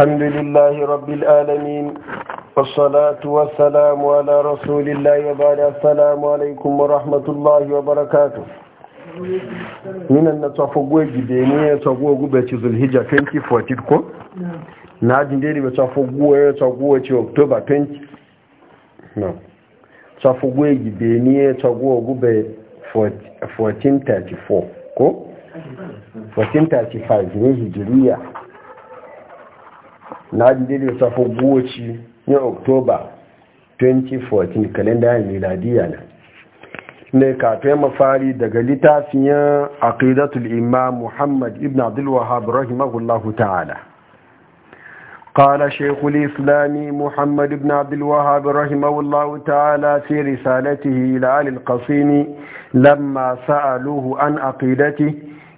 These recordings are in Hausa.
الحمد لله رب العالمين والصلاة والسلام على رسول الله وبعد السلام عليكم ورحمة الله وبركاته من النتفقوة جدينية تقوى قبة ذو الهجة 2014 كم نعجن ديري بتفقوة تقوى أكتوبر 20 نعم تفقوة جدينية تقوى قبة 1434 كم 1435 ne hijiriya na jide da safo goci na oktoba 2014 kalenda kalendar miladiya na ne kafin mafari daga littafin ya aqidatul imam muhammad ibn abdul wahab rahimahullahu ta'ala قال شيخ الإسلام محمد بن عبد الوهاب رحمه الله تعالى في رسالته إلى آل القصيم لما سألوه عن أقيدته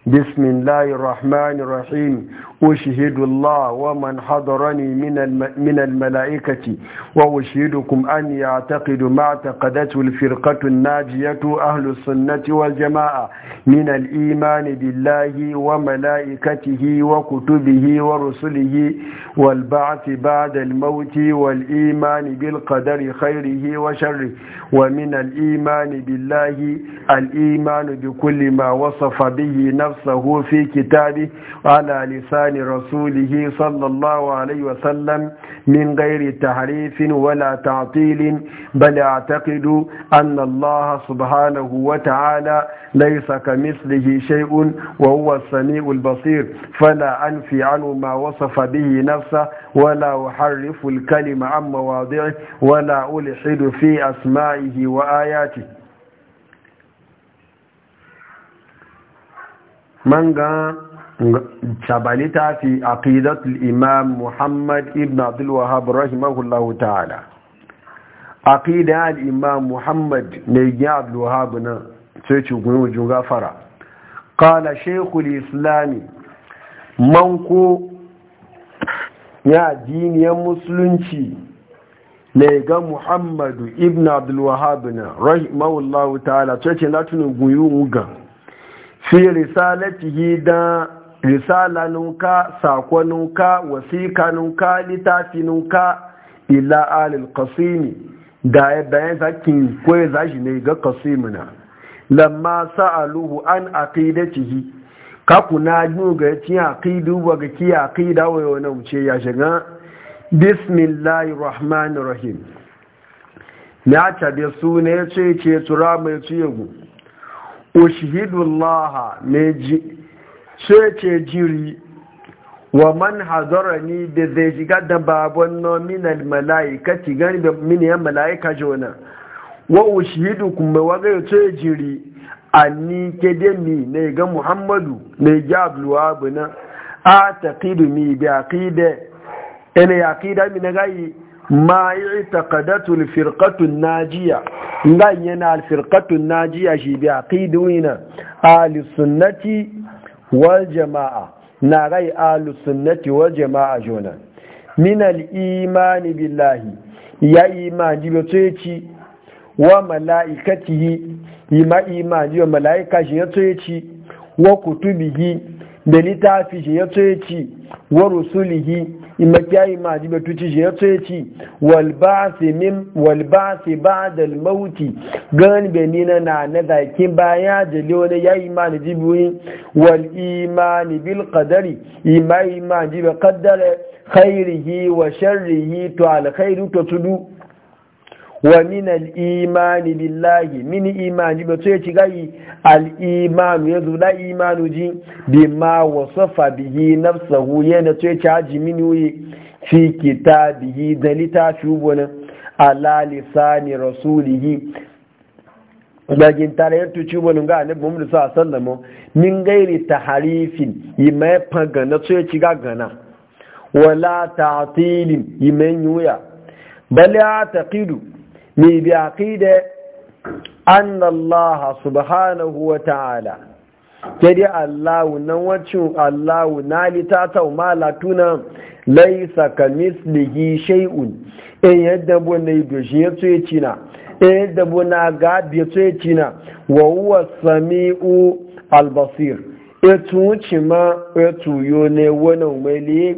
بسم الله الرحمن الرحيم أشهد الله ومن حضرني من من الملائكة وأشهدكم أن يعتقد ما اعتقدته الفرقة الناجية أهل السنة والجماعة من الإيمان بالله وملائكته وكتبه ورسله والبعث بعد الموت والإيمان بالقدر خيره وشره ومن الإيمان بالله الإيمان بكل ما وصف به نفسه في كتابه على لسان لسان رسوله صلى الله عليه وسلم من غير تحريف ولا تعطيل بل أعتقد أن الله سبحانه وتعالى ليس كمثله شيء وهو السميع البصير فلا أنفي عنه ما وصف به نفسه ولا أحرف الكلم عن مواضعه ولا ألحد في أسمائه وآياته من قال sabali ta fi aqidatul imam muhammad ibn abdul wahab rahimahullahu ta'ala aqida al imam muhammad ne ya abdul wahab na sai ci gun wujun gafara qala shaykhul islam man ko ya diniyan musulunci ne ga muhammadu ibn abdul wahab na rahimahullahu ta'ala sai ce latunu guyu ga fi risalatihi da risala nunka sako nunka wasika nuka littafi nunka ila alil kasimi da ya bayan zakin koya zashi ne ga na. lamma sa'aluhu an aqidatihi ka kuna yi ga cin aqidu ba ga ki aqida wa yau na wuce ya shiga bismillahir rahmanir rahim ya tabe su ne ce ce tura mai ciye gu ushidullaha ji. sai ce jiri wa man hazara ni da zai shiga da babon nominal mala'ika ci gani da miniyan mala'ika jona wa ushidu kuma waga ya ce jiri ni ke demi ne ga muhammadu na ne ga abluwa na. a kidu mi bi kide ina ya kida mi na gayi ma yi al-firqatu najiya ganyen yana najiya shi bi Ali, ahli sunnati wal jama'a na rai ahlus sunnati wal jama'a jona min al imani billahi ya imani bi tsoyici wa mala'ikatihi ima imani wa mala'ika shi ya tsoyici wa kutubihi da littafi shi ya tsoyici wa rusulihi imakiyayi ma ji batu ci shi ya tsaye ci walbasi ba da mauti gani beni na na na zaki baya jale wani ya imani ji biyu wal imani bil kadari imai ma ji ba kaddara khairihi wa sharrihi to alkhairu to tudu wa min al-imani billahi min imani ba sai ci gai al ya yazo da ji bi ma wasafa bihi sahu yana sai ci haji min yi fi bihi da litafi wani ala lisani rasulihi bagin tare ya tuci wani ga annabi Muhammad sallallahu alaihi wasallam min gairi taharifin yimai pagana sai ci ga gana wala ta'tilin yimai yuya bal a taƙidu mai bi aqida anna Allah subhanahu wa ta'ala kedi Allah nan wacin Allah na litata ma tuna laisa kamislihi shay'un in e yadda bonai na in e yadda bona ga yato yaci cina wa huwa sami'u albasir etu wuce ma etu yo ne wani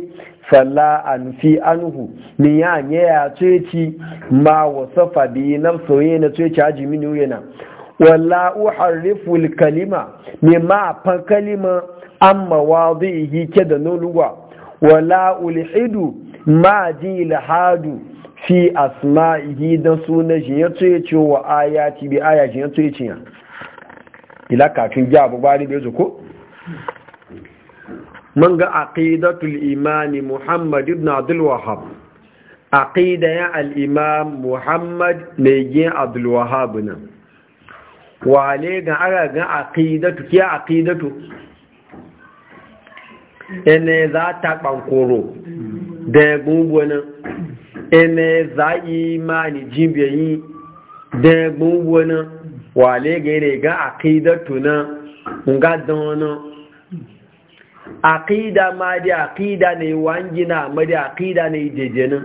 fala an fi anhu ni ya nye ya ceci ma wasafa bi soye na ceci haji mini yana wala uharrifu kalima ni ma fa kalima amma yi ke da noluwa wala ulhidu ma ji lahadu fi asma asma'ihi dan suna shi ya ceci wa ayati bi ya ceci ya ila kafin ja da ko من عقيدة الإمام محمد بن عبد الوهاب عقيدة الإمام محمد نجي عبد الوهاب وعليه على عقيدة كي عقيدة ene za ta bankoro da gungunan ene za yi mani jimbiyayi da gungunan wale ga ire ga aqidatu na nga don aqida ma di aqida ne wangina ma di aqida ne jejenin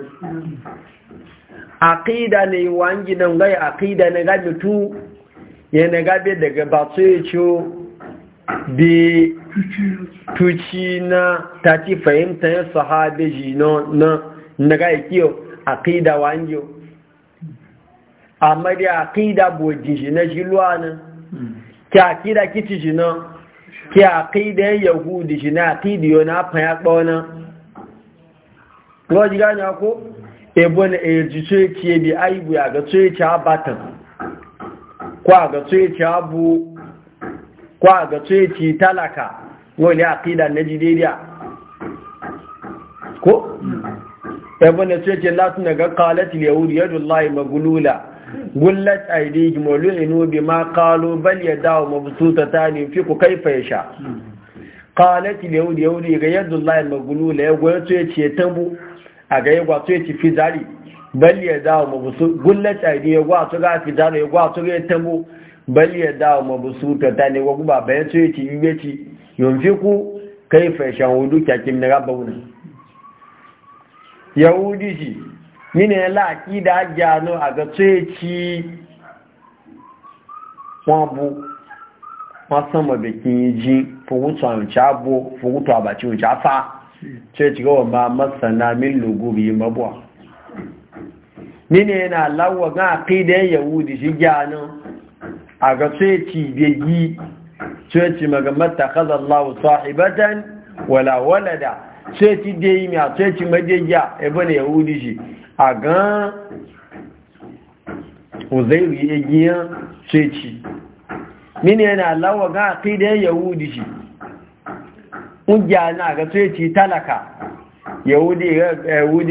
aqida ne wangina ngai aqida ne ga mutu ya ne ga be daga batso yacho bi tuci na tati fahimta ya sahabe ji no na na ga kiyo aqida wangyo amma di aqida bo luwa jilwana ki aqida kiti na. ki aqidan yahudi jina aqidi yo na paya bona lo diga nya ko e bona e jiche kiye bi aibu ya ga tsoye cha bata kwa ga tsoye cha bu kwa ga tsoye ti talaka ngo ni aqida na jididiya ko e bona tsoye ti latu na ga qalat al yahudi yadullahi maghlula gullat aidihim wa lu'inu bima qalu bal fi mabsutatan yunfiqu kayfa yasha qalat al-yahud yahud ga yadullahi al-maghlula ya goyo to yace tambu a ga yagwa to yace zari bal yadaw mabsut gullat aidihim ya gwa to ga zari ya gwa to ga tambu bal yadaw mabsutatan ya gwa ba yace yace yace yunfiqu kayfa yasha wudu kakin na rabbuna yahudi ji mini la akida jano aga tsoyeci wọn bu wọn kí yí jí fòwútò àrùnci bú fòwútò àbàtí òjá fa tsoyeci gawa ma masana min logori mabuwa gan yahudi shi jano aga tsoyeci begi tsoyeci maga mata wala walada ti de yi mi a sai ci majeja ebe ne yahudi shi a gan uzairu ya giya sai ci mini yana lawa ga aqidan yahudi shi ungiya na ga tse ci talaka yahudi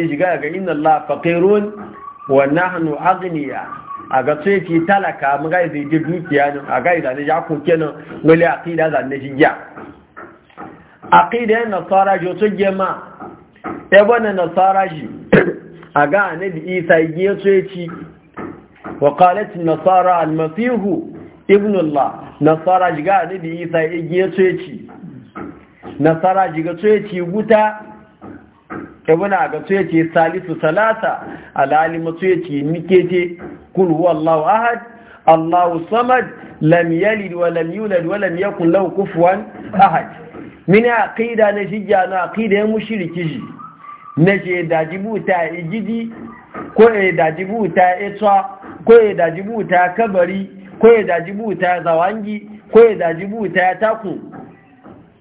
shi ga ga inna allah faqirun wa nahnu aghniya a ga sai ci talaka mu ga zai ji dukiya ne a ga idan ya ko kenan wali aqida zan ne shi ya aqidar nasara ji otu gema e na nasara ji gane da isa ya otu yaci wa qalat nasara Almasihu Ibnullah ibn allah nasara ji ga annabi isa ya so yaci nasara ji ga so wuta ebe na ga otu yaci salisu salasa alalima so yaci nikete kulu wallahu ahad allahu samad lam wa lam wa lam yakul kufuwan ahad mini aƙida na jijja na aƙida ya mushi rikishi na je da jibuta igidi ko e da jibuta etwa ko e da ya kabari ko e da ya zawangi ko e da ya taku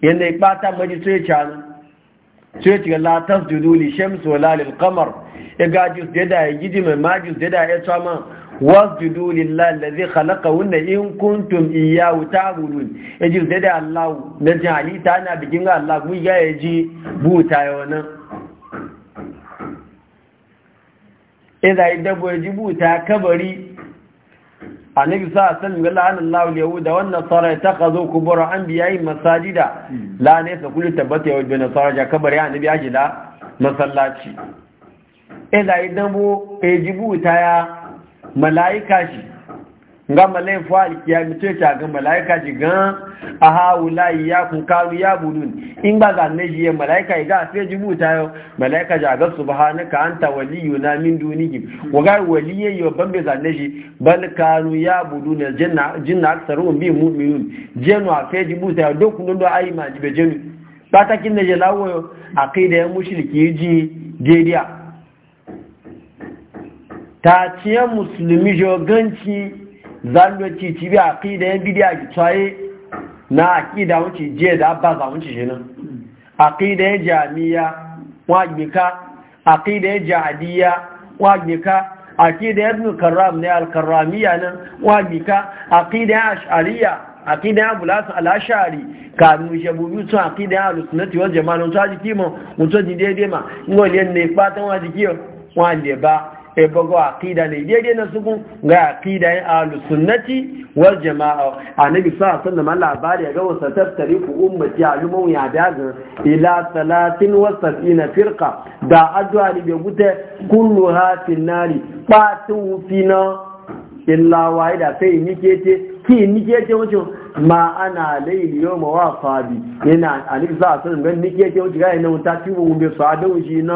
ya ɓata maji sai can sai tiga la tasjudu li shams wala lil Kamar, ya gajus da da igidi mai majus da da etwa man wasjudu lillahi allazi khalaqahunna in kuntum iyyahu ta'budun yaji da da Allah na jali ta na bikin Allah mu ga yaji buta yana idan dabo yaji buta kabari annabi sa sallallahu alaihi wa sallam yahuda wan nasara takazu kubur anbiya'i masajida la ne sa kullu tabbata yawd bin nasara ja kabari annabi ajila masallaci idan dabo yaji buta ya mala'ika shi ga malayin alkiyami to ta ga malaika ji ga a haula ya kun karu ya bulun in ba zanne ji ya malaika ga sai ji buta yo malaika ja ga subhanaka anta waliyuna min dunihim wa ga waliyyi yo ban be zanne ji bal karu ya budun janna jinna aksaru bi mu'minun jenu a sai ji buta yo dokun do ayi ma ji be jenu ta takin ne je lawo aqida ya mushriki ji gediya ta ciye musulmi joganci zalwaci ci bi aqida yan bidiya ki tsaye na aqida wuce je da abba za wuce shi nan aqida yan jami'a wa gbika aqida yan jahadiya wa gbika aqida yan ibn karram ne al-karramiya nan wa gbika aqida yan ash'ariya aqida yan bulas al-ash'ari ka nu shabu bi tun aqida yan al-sunnati wal jama'a nan ta jiki mo mun to ji dede ma ngol yan ne pa tan wa jiki wa le ba ebogo aqida ne daidai na su ga aqida yin ahlus sunnati wal jamaa annabi sallallahu alaihi wasallam labari ga wasa tattari ku ummati alumun ya daga ila 73 firqa da addu'a ne be gute kullu hatin nari batu fina illa waida sai nikete ki nikete wancin ma ana laili yau ma wafa bi yana annabi sun alaihi wasallam nikete wancin ga ina wuta tiwo mun be sa da wuci na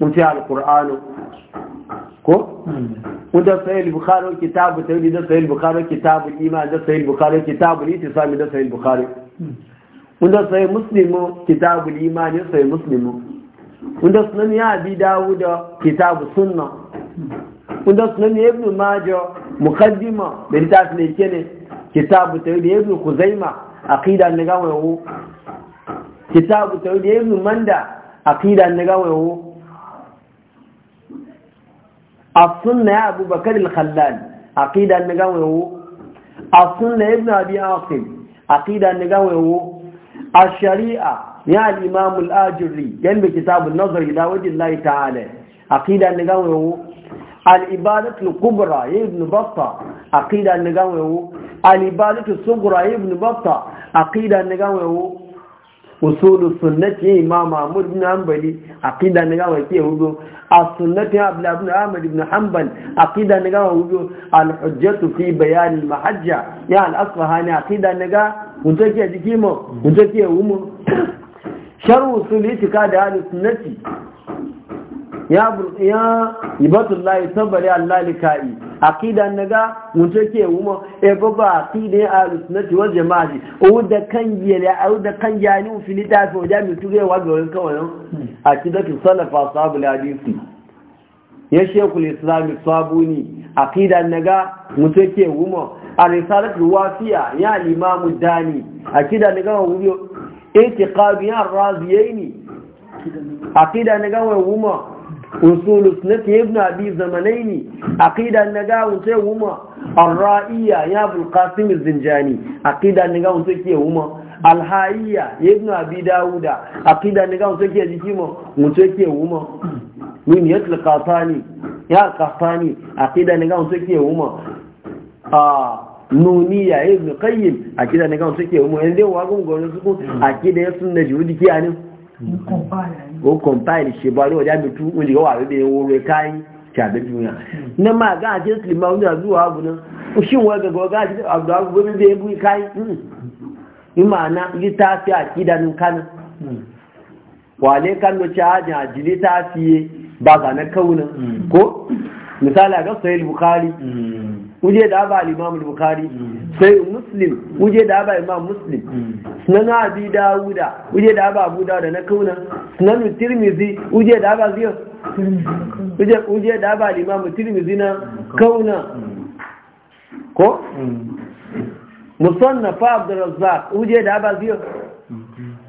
mutu alkur'anu ko? da sayil bukhari kitabu tauri da sayil bukhari kitabu iman da sayil bukhari kitabu sami da sayil bukhari da sayil muslimu kitabu iman da sayil muslimu da sunan ya bi dawo da kitabu sunna da sunan ya ibn majo mukaddima da littafi ne ke ne kitabu tauri ya ibn kuzaima aqida na gawayo kitabu tauri ya ibn manda aqida na gawayo السنة يا أبو بكر الخلال عقيدة النجاوي هو السنة ابن أبي عاصم عقيدة النجاوي هو الشريعة يا الإمام الآجري جنب كتاب النظر إلى وجه الله تعالى عقيدة النجاوي هو العبادة الكبرى يا ابن بطة عقيدة النجاوي هو العبادة الصغرى يا ابن بطة عقيدة النجاوي هو usulu sunnati imam Ahmad ibn Hanbali aqida ne ga wake hugo as-sunnati Abdullah ibn Ahmad ibn Hanbal aqida ne ga hugo al-hujjatu fi bayan al-mahajja ya al-asfahani aqida ne ga mutake jikimo mutake umu sharu usuli ka da al-sunnati ya ya ibatullahi tabari Allah likai aqida naga mutu ke wuma e baba aqida ya sunnati wal jamaati o da kan yele au da kan yani u filita so da mutu ga wa gawin kawai aqida tu salafa sahabul hadisi ya shekul islam sabuni aqida naga mutu ke wuma risalatu wafiya ya limamu dani aqida naga wuyo itiqadiyan raziyaini aqida naga wuma usulu sunnati ibn abi zamanaini aqida naga wuma huma ar-ra'iyya ya abul qasim az-zinjani aqida naga unse ke huma alhaiya ibn abi dauda aqida naga unse ke jikimo unse ke huma min yatl qasani ya qasani aqida naga unse ke huma ah nuniya ibn qayyim aqida naga unse ke huma inde wa gun gore su aqida sunna judi kiyanin ko ba o compile shi ba ro da mutu mun ga wa be wo re kai ta da duniya na ma ga je slima wanda zuwa abu nan shin wa ga ga abu da abu be bu kai imana ta fi akida nun kan wale kan no cha ja ta fi ba ga na kauna ko misali ga sahih hmm. wuje da ba al-imam al-bukhari sai muslim wuje da ba imam muslim sunan abi Dawud wuje da ba abu Dawud na kauna sunan Tirmidhi wuje da ba Ziyad wuje wuje da ba al-imam Tirmidhi na kauna ko musannaf abdurrazzaq wuje da ba Ziyad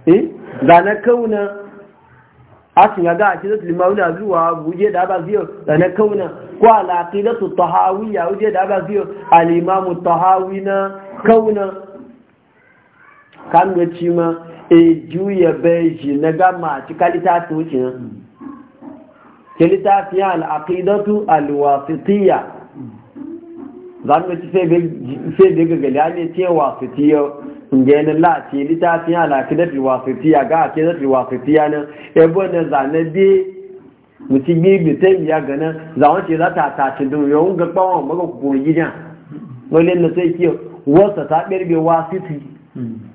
eh da na kauna asin ya ga akidat limawuna zuwa guje da ba ziyo da na kauna ko ala akidatu tahawiyya guje da ba ziyo al-imamu tahawina kauna kan gaci ma e juya beji na gama ci kalita to ci kalita fi al-aqidatu al-wasitiyya zan ga ci sai daga gali ne ce wasitiyya ngenin lati littafin alaƙidar riwasitiya ga aƙidar riwasitiya nan ebe na e zane bi mutum bi mutum ya ganin zawon ce za ta tashi dun yawon ga kpawon maka kukurin gidan wani na sai kiyo wasa ta ɓirbe wasiti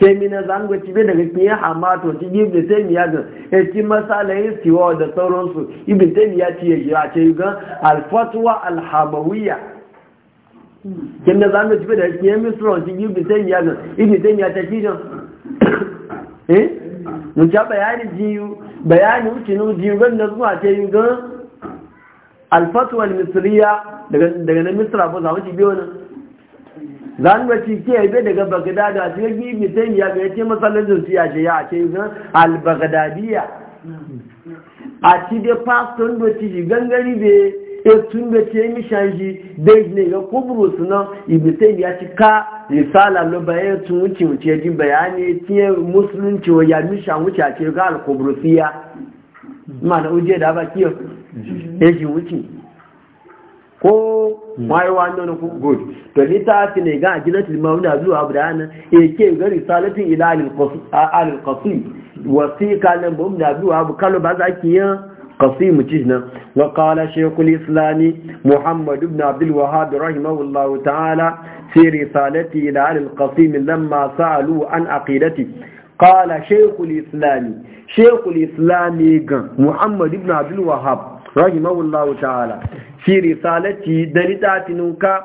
sai mina zango cibe daga kiyar hamato ci ibn miya ga e ci masala yin siwa da sauransu ibn miya ci a ce ga alfatuwa fatwa al-hamawiyya kin da zango cibe daga kiyar misra ci ibn miya ga ibn miya ta eh? ci don eh mun ja bayani jiyu bayani ucinu jiyu ga na zuwa ce yi ga alfatuwa fatwa misriya daga daga na misra ba za mu ci biyo nan zanuwa ci ke yabe daga bagdada a cikin gibi sai ya ga yace masallacin su ya ce ya ce zan al bagdadiya a ci da pastor da ci gangari e tun da ce mi shi da ne ga kubru suna sai ya ci ka risala lo baye tun wuce wuce ji bayani tiye e musulunci wa ya mishan wuce a ce ga kubru siya mana uje da ba kiyo e ji wuce ko mai wani na ku good to litafi ne ga ajinat da zuwa abrana yake ga risalatin ila al qasim wasiqa lan bum da zuwa abu kalu ba za ki yan qasim tijna wa qala Shekul islami muhammad ibn abdul wahhab rahimahullah ta'ala fi risalati ila al qasim lamma sa'alu an aqidati qala Shekul islami Shekul islami ga muhammad ibn abdul wahhab rahimahullah ta'ala fi risalati da litafinunka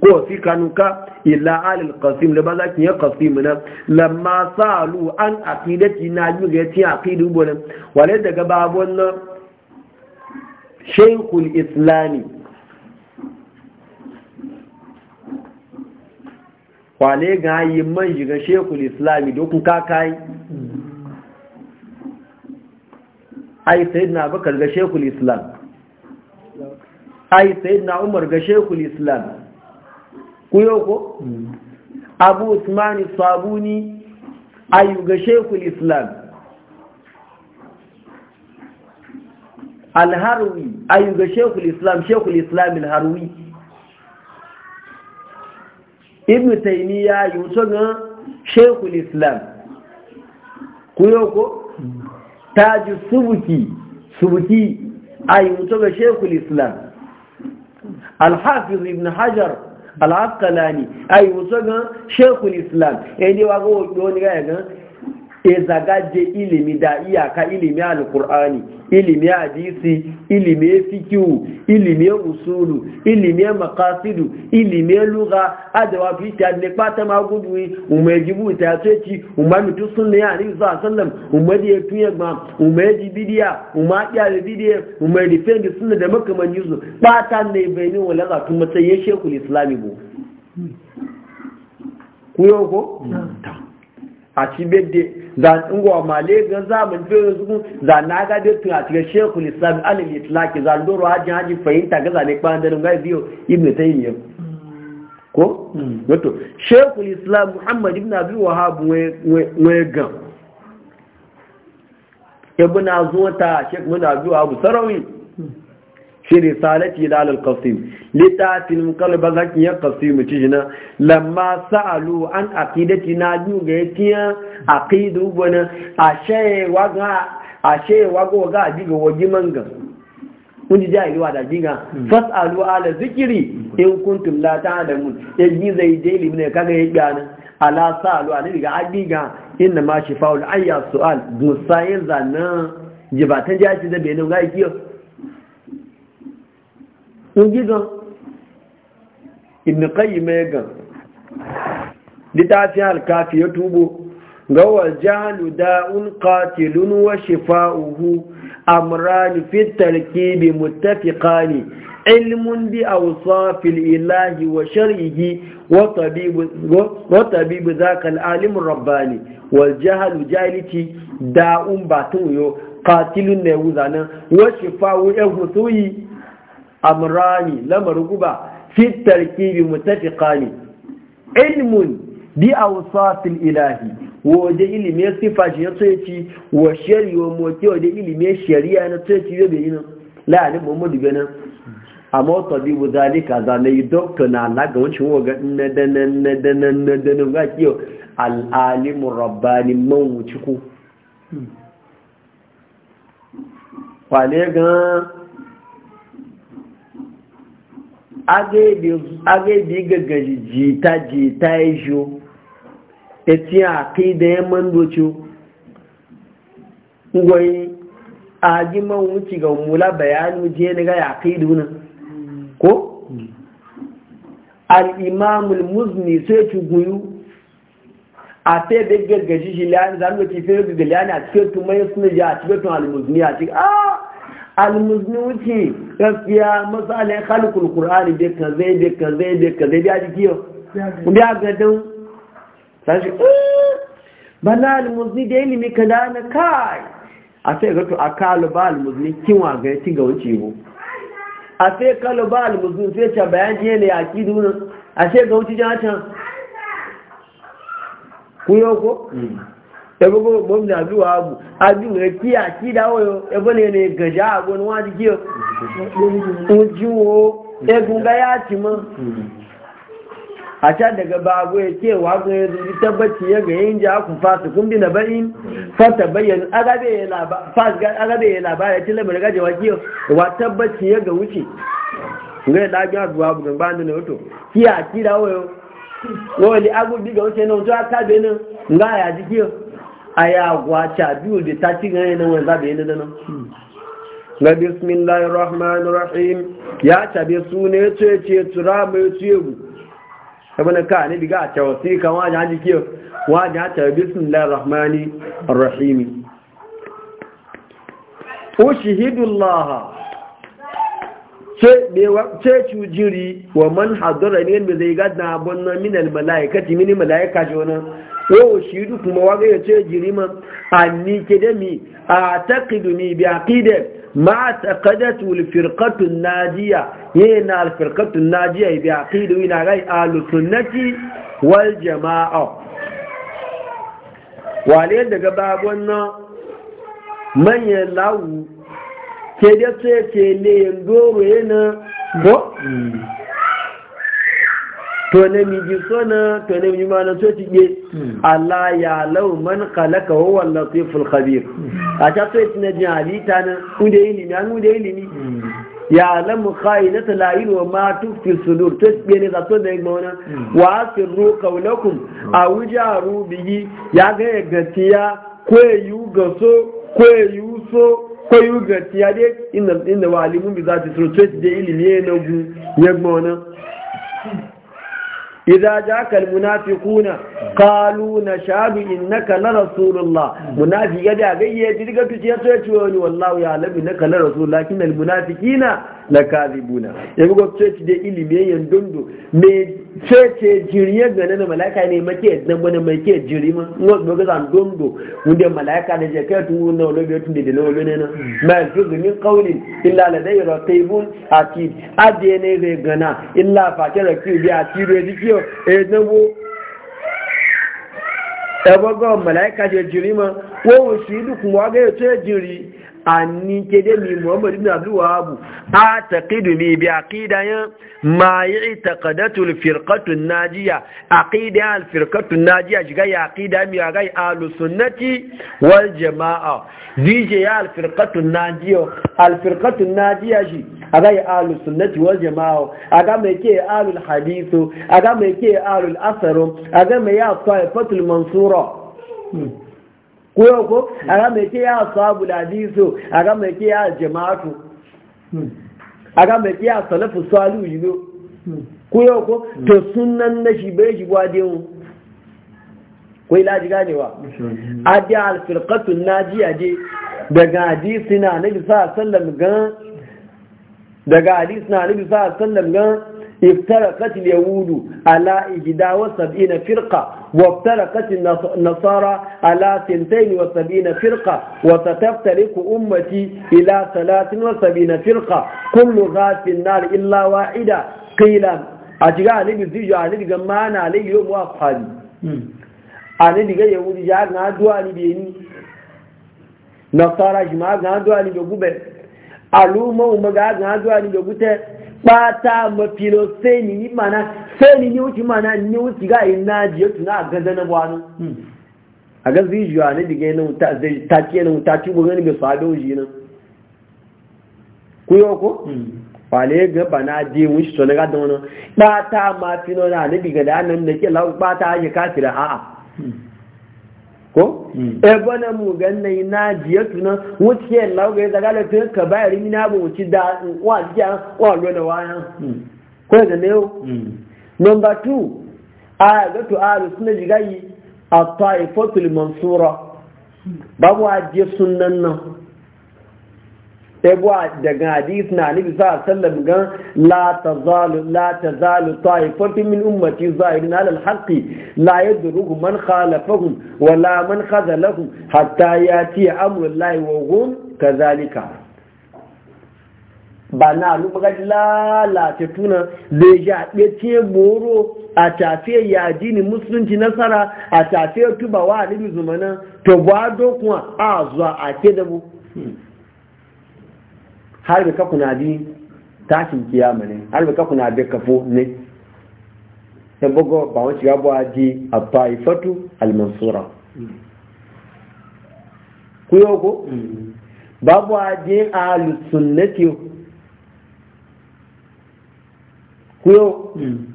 ko fi kanuka illa alil qasim da ba za ki yi qasim na lamma salu an aqidati na yi ga tin aqidu bonan wale daga babon nan shaykhul islami wale ga yi man shiga shaykhul islami dokun kakai ai na bakar ga shaykhul islam ai sayyidina umar ga shekul islam kuyo ko abu usman sabuni ayu ga shekul islam alharwi ayu ga shekul islam shekul islam alharwi ibn taymiya yuto ga shekul islam kuyo ko taji subuki subuki ayu to ga shekul islam الحافظ ابن حجر العقلاني أي وصغا شيخ الإسلام يعني واغو يوني غايغا ezagaje zagaje ilimi da iyaka ilimi alkur'ani ilimi hadisi ilimi fikihu ilimi usulu ilimi maqasidu ilimi lugha adawa fi ne pata magudu umejibu ta ceci umanu ya ali sallam umadi tuye gba umeji bidia umadi al bidia umadi fendi sunna da makaman yuzu pata ne bayni wala za tun matsayin shekul islami bu hmm. ku hmm. a zan ingwa male ga zaman fiye su zan na ga dai tun a cikin shekul islam alil itlaki zan doro haji haji fahimta ga na kwan da ngai biyo ibnu taymiya ko wato mm. shekul islam muhammad ibn abi wahab we ga ibn azuta shekul ibn abi wahab sarawi fi risalati da al-qasim litafin mukalba zaki ya qasim tijina lamma sa'alu an aqidati na ga tiya aqidu bana ashe waga ashe wago ga diga waji manga kunji jahili wa da diga hmm. fasalu ala zikiri in kuntum la ta'lamun ji zai limin ne kaga ya gana ala sa'alu ala diga adiga inna ma shifa'ul ayya su'al musayin zanan jibatan jaji da benin ga kiyo kun ji gan ibn qayyim e gan ta fi kafi ya tubo ga wajalu da'un qatilun wa shifa'uhu amran fi tarkibi muttafiqani ilmun bi awsafil ilahi wa shar'ihi wa tabib wa tabib zaka alim rabbani wal jahlu jahilati da'un batun yo qatilun ne wuzana wa shifa'u ehutsuyi amrani lamar guba fi tarkibi mutafiqani ilmun bi awsatil ilahi waje ilimi sifa shi ya tsoyaci wa shari'a wa moke waje ilimi shari'a na tsoyaci yobe yi nan la'ani muhammadu benin a mawata bi bu zalika zane yi doktor na alaga wancin waga na danan na danan na danan ga kiyo al'alimu rabbani man wuci kwale hmm. gan agaibi gaggaji jita jita e ya jo ya e a kai e da ya mandoci gwai a ji man wuce ga mula bayanu je na gaya a kai dunan ko al'imamul muzni sai ci guyu a sai da gaggaji shi liyani zanen da ke fiye da liyani a cikin tumai suna ji a cikin al a cikin aaa almuznuci gaskiya misalin khalqul qur'ani da kaza da kaza da kaza da jiki kun ya ga dan sai eh, bana almuzni da ilimi kaza na kai a sai ga to akalu ba almuzni kinwa ga ti ga wuce go a sai kalu ba almuzni sai ta bayan je ne akidu a sai ga wuce jan can ku yoko ẹgbogbo gómìnà àdúrà ààbò àdúrà kí àkídáwò ẹgbọ́n ní gẹ̀já àgbò ní wọ́n ti kí o ń jíwò ẹgùn gáyà ti mọ́ àṣà daga ba babu ya ce wagon ya zuri tabbaci ya ga yin e jakun fasa kun bi na bayin fata bayyana agabe ya ba ya ci labar gajewa kiyo wa tabbaci ya e ga wuce ngai lafiya zuwa bugan bani na wato kiya kira wayo wani agogi ga wuce na wuce aka benin nga ya ji kiyo aya ta biyu da ta ci ganin nan wanda bai yana nan na bismillahir rahmanir rahim ya tabe su ne ce ce tura mai tsiyu kamar ka ne diga a tawasi kan wajen haji kiyo wajen ta bismillahir rahmanir rahim Laha ce cujiri wa man hadara ne da zai gadna abun nan min al malaikati min malaika jona wawo shi duk kuma waga ya ce jiriman anni kidami a taqiduni bi aqida ma taqadatu al firqatu an najiya yana al firqatu najiya bi aqida ina gai al sunnati wal jamaa wale daga babon nan manyan lawu ke da ce ke le ngoro yana to ne mi ji sona to ne mi ma na so ti ge hmm. Allah ya law man khalaqa huwa al-latiful khabir hmm. a ta so ti ne ji ta na ku de ni ku de ni ni hmm. ya khainat la il wa ma fi sudur to ti ne za so de mo na wa sirru qawlakum aw jaru bi ya ga gatiya ko yu so ko yu so ko yu gatiya de inda inda walimun bi za ta so to ti de ili ne na gu yegbo gbona إذا جاءك المنافقون قالوا نشهد إنك لرسول الله منافق يدع غي يجرق تشيطوني والله يا لبي إنك لرسول لكن المنافقين لكاذبون يقول تشيط دي إلي مي يندندو مي تشيط جريا غنانا ملايكا ني مكي يدنبنا مكي جريما نوز بغزا ندندو ودي ملايكا نجاكاتو نولو بيوتن دي دلو لنا ما يلفظ من قول إلا لدي رقيب عتيد أديني غنا إلا فاكر رقيب عتيد ويجي kíọ̀ ẹ̀ẹ́dẹ́gbó ẹgbọ́gọ́ mọ̀láíkà ṣe jìrì mọ́ wọ́n wù sí ìdùkùn wọ́gẹ́ tó jìrì àní kéde mi muhammadu bin abdullahi a taƙidu mi bi aƙidayen ma yi taƙadatul firkatun najiya aƙidayen alfirkatun najiya shiga ya aƙida mi a gai alusunnati wal jama'a zije ya alfirkatun najiyo alfirkatun najiya shi a gaya ya alu sunnati wal jama'a a ga mai ke alul hadisu a ga mai ke alul asaru a ga mai ya fatul mansura kuyoko ko a ga mai ke ya sabu hadisu a ga mai ke ya jama'atu a ga mai ke ya salafu salu yi ne kuyoko ko to sunan na shi bai shi gwadewa kwai laji ganewa a alfirkatun najiya daga hadisina na bisa sallam yahudu ala igida wa sab'ina firqa wa iftarakat nasara ala sintain jiga alibi mana alibi ani diga yahudi ja ga addu'a ni be ni nasara jima ga addu'a ni be gube aluma umma ga ga addu'a ni be gute pata filo seni ni mana seni ni uti mana ni uti ga ina je tuna ga zana bwanu a ga zai jiwa ne diga yana ta zai ta ke nan ta ci bugan be sabe uji nan ku yo ko wale ga bana je mun shi to na ga da wannan pata mafilo na ne diga da nan da ke lawo pata ya kafira a'a ko hmm. ebe na mu ganna na jiya tunan wuce lauga ya zaga da tun ka bayar mina abu wuce da wa jiya wa hmm. lo da wayan ko da ne number 2 aya ga a aya hmm. sunna jigayi at-taifatul mansura babu ajiya sunan nan ebuwa daga hadis na nabi sa sallam gan la tazalu la tazalu ta'ifatun min ummati zahirun ala alhaqi la yadruhum man khalafahum wa la man khazalahum hatta yati amru llahi wa hum kadhalika ba na lu ga lalace tuna zai ja ce boro a tafiya ya ni musulunci nasara a tafe tuba wa nabi zumana to ba dokuwa a zuwa a ke da mu har bi kaku na bi tashin kiyama ne har bi na bi kafo ne ya bugo ba wani ya buwa ji a fatu almansura ku yi ko mm-hmm. babu buwa ji a lusunnati ku yau mm-hmm.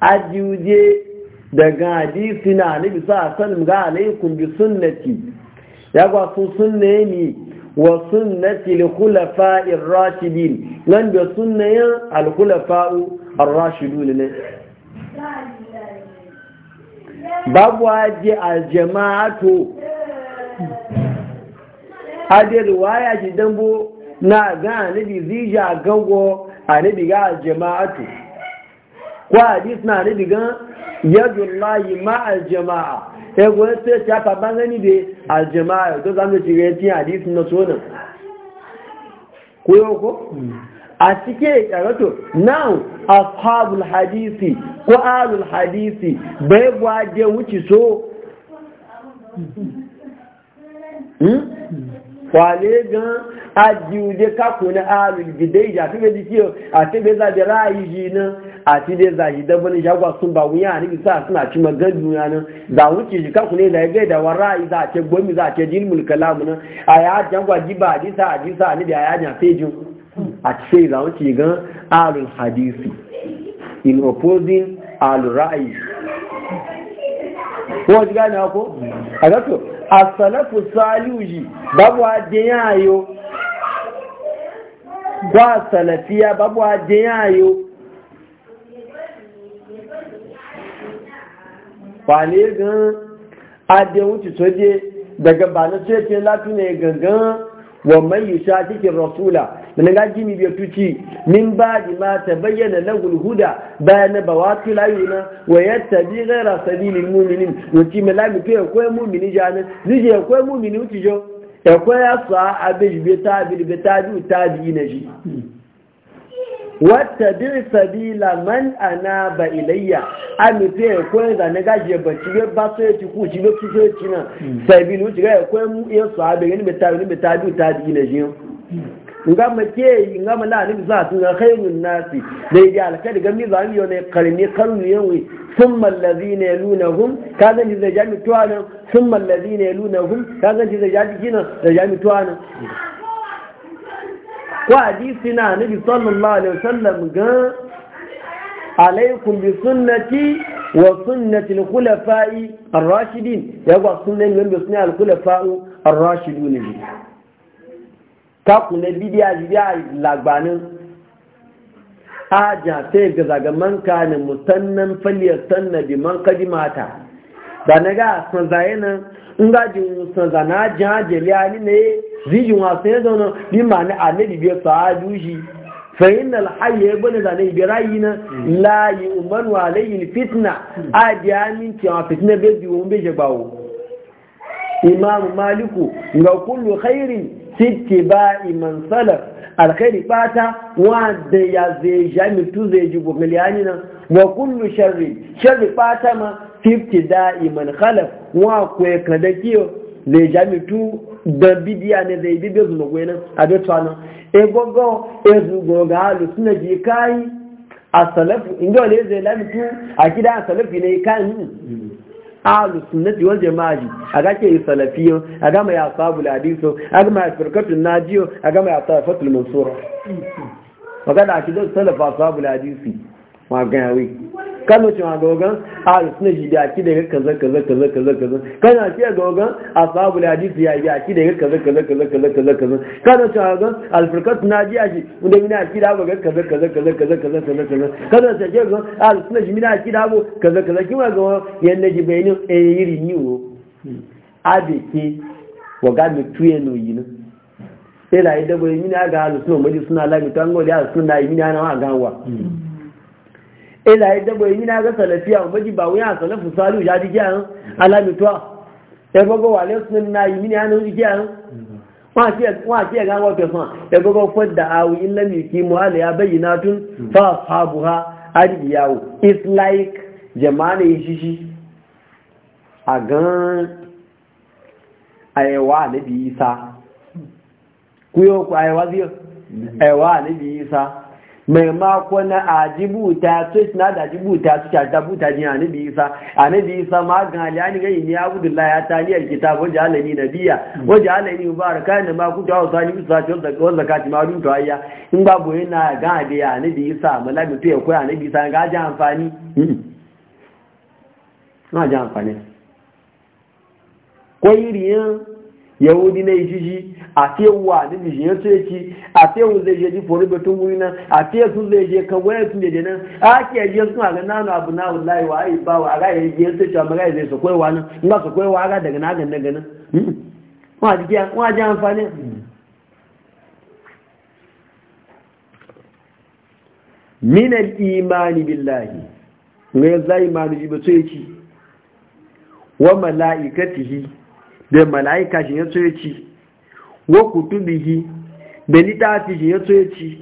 a jiwuje daga hadisi na nabi sa sanin ga alaikum bi sunnati ya ba su sunne ni wa sunnati al-khulafa'i ar-rashidin nan da sunnayan al-khulafa'u ar-rashidun ne babu waje al-jama'atu hade riwaya ji dambo na ga annabi zija gago annabi ga al-jama'atu ko hadis na annabi ga yadullahi ma al-jama'a ego sai ta faɗa gani da aljama'a to za mu shiga cikin hadisin na sunan koyo ko a cike karato now ashabul hadisi ko alul hadisi bai gwaje wuce so kwale hmm? gan ajiye kako na alul bidai ya tabe dikiyo a tabe za da ra'ayi ji nan a ti da za yi daban ya gwa sun ba wuya ne sa suna ci magan duniya nan za wuce ji kako ne da ya gaida wa ra'ayi za a ce gomi za a ce jilmul kalam nan a ya jangwa jiba hadisa hadisa ni da ya jan sai jin a ci sai za wuce ga alul hadisi in opposing alul ra'ayi ko ji na ko a gato as-salafu salihu babu hadiyan ayo ba salafiya babu ajin yayo wane gan adin wuce soje daga ba na ce ne gangan wa mai yi cikin rasula mana ga jimi bai tuci min ba ji ma ta bayyana lagul huda bayan na bawa tulayu wa yadda bi gaira muminin wuce mai lami fiye kawai mumini janin zije kawai mumini wuce jo ẹ̀kọ́ abin sọ abẹ́jìgbé biyu ta biyu na ṣi wata bí sabila man ana ba ilayya a nufi ẹ̀kọ́ ẹ̀dà na gajiyar ba ṣi bá tó ẹ̀kí kú ṣi bá tó ẹ̀kí náà sabili ó ṣi ga ẹ̀kọ́ ya sọ ta na ṣi nga make nga mala ni za tu na khairun nasi dai da alkhairi ga mi za mi yone karni karnu ne thumma alladhina yalunhum kaga ni da jami tuwana thumma alladhina yalunhum kaga ni da jami kina da jami tuwana ko hadisi na nabi sallallahu alaihi wasallam ga alaikum bi sunnati wa sunnati al-khulafa'i ar-rashidin yawa sunnan yan bi sunnati al-khulafa ar-rashidun kakune bidiya bidiya lagbanin aja sai ga zagaman kanin musannan faliyar sanna bi man kadi mata da na ga san zaye nan in gajin san zana jihajjali a ni ne zijin wasu ya zauna bi ma ni a nabi biyar su a dushi fahim na alhaye ya bane zane bi rayi na layi umaru alayin fitna a biya min cewa fitna bai biyu wani bai shabawo imamu maliku ga kullu khairin sitti ba'i man salaf alkhairi bata wanda ya zai jami tu zai ji gogaliani nan wa kullu sharri sharri bata ma fifti da'i man khalaf wa kwe kada kiyo zai jami tu da bidiya ne zai bidiya zuma gwe a bai tuwa nan e gogo e zugo ga halu suna ji kayi a salafu inda wale zai lamitu a kida a salafi ne kayi ahlus sunnati wal jama'ati aga ke salafiyo aga ya ashabul hadiso aga ma firqatu najiyo aga ya tafatul mansura magana akidar salafa ashabul hadisi magayawi kano cewa ga wagan a suna shi da aki daga kaza kaza kaza kaza kaza kana ce a a sabu da hadisi ya yi aki daga kaza kaza kaza kaza kaza kaza kana cewa ga alfarkat na ji aki wanda mina aki da ga kaza kaza kaza kaza kaza kaza kaza kana ce ga a suna shi kaza kaza da kaza kaza kaza ma ga yanda ji a yi yiri ni wo a da ke waga mutuye no yi nan sai da ida bayani mina ga halu suna suna lami tango da halu suna yi mina na wa gawa ila ya dabo yi na ga salafiya wa maji ba wai a salafu salu ya ji kiyan alamituwa ya gogo wa lesun na yi mini hannun ji kiyan wa ce ga wa fesan ya gogo fadda awu illa mi ki muhalli ya bayyana tun fa ha adi yawo it's like jama'a ne shishi a gan ayewa na bi isa kuyo ku ayewa zai ayewa na bi isa maimako na ajibuta su na da ajibuta su ta buta jin anabi isa anabi isa magan aliyani gani ne abdullahi ya taliyar kitab wajen alani nabiya wajen alani mubaraka ne ma kuta wa sani bisa ce wanda zakati ma dun tawayya in babu yana ga da ya anabi isa la mutu ya koya anabi isa ga ji amfani na hmm. ji amfani koyi riyan yahudi na yi jiji ate wa ni bi yin to yake ate tewu zai je ji fori tun wuri nan ate su zai je kan waya sun je nan a ke je sun aga na abu na wallahi wa ai ba wa ga yi je to ta maga zai so wa nan in ba so wa ga daga na daga nan hmm. wa ji wa ji amfani min al-imani billahi ne zai imani ji betu yake wa mala'ikatihi da mala'ika shi ya tsoye ci wa kutubihi da litafi shi ya tsoyaci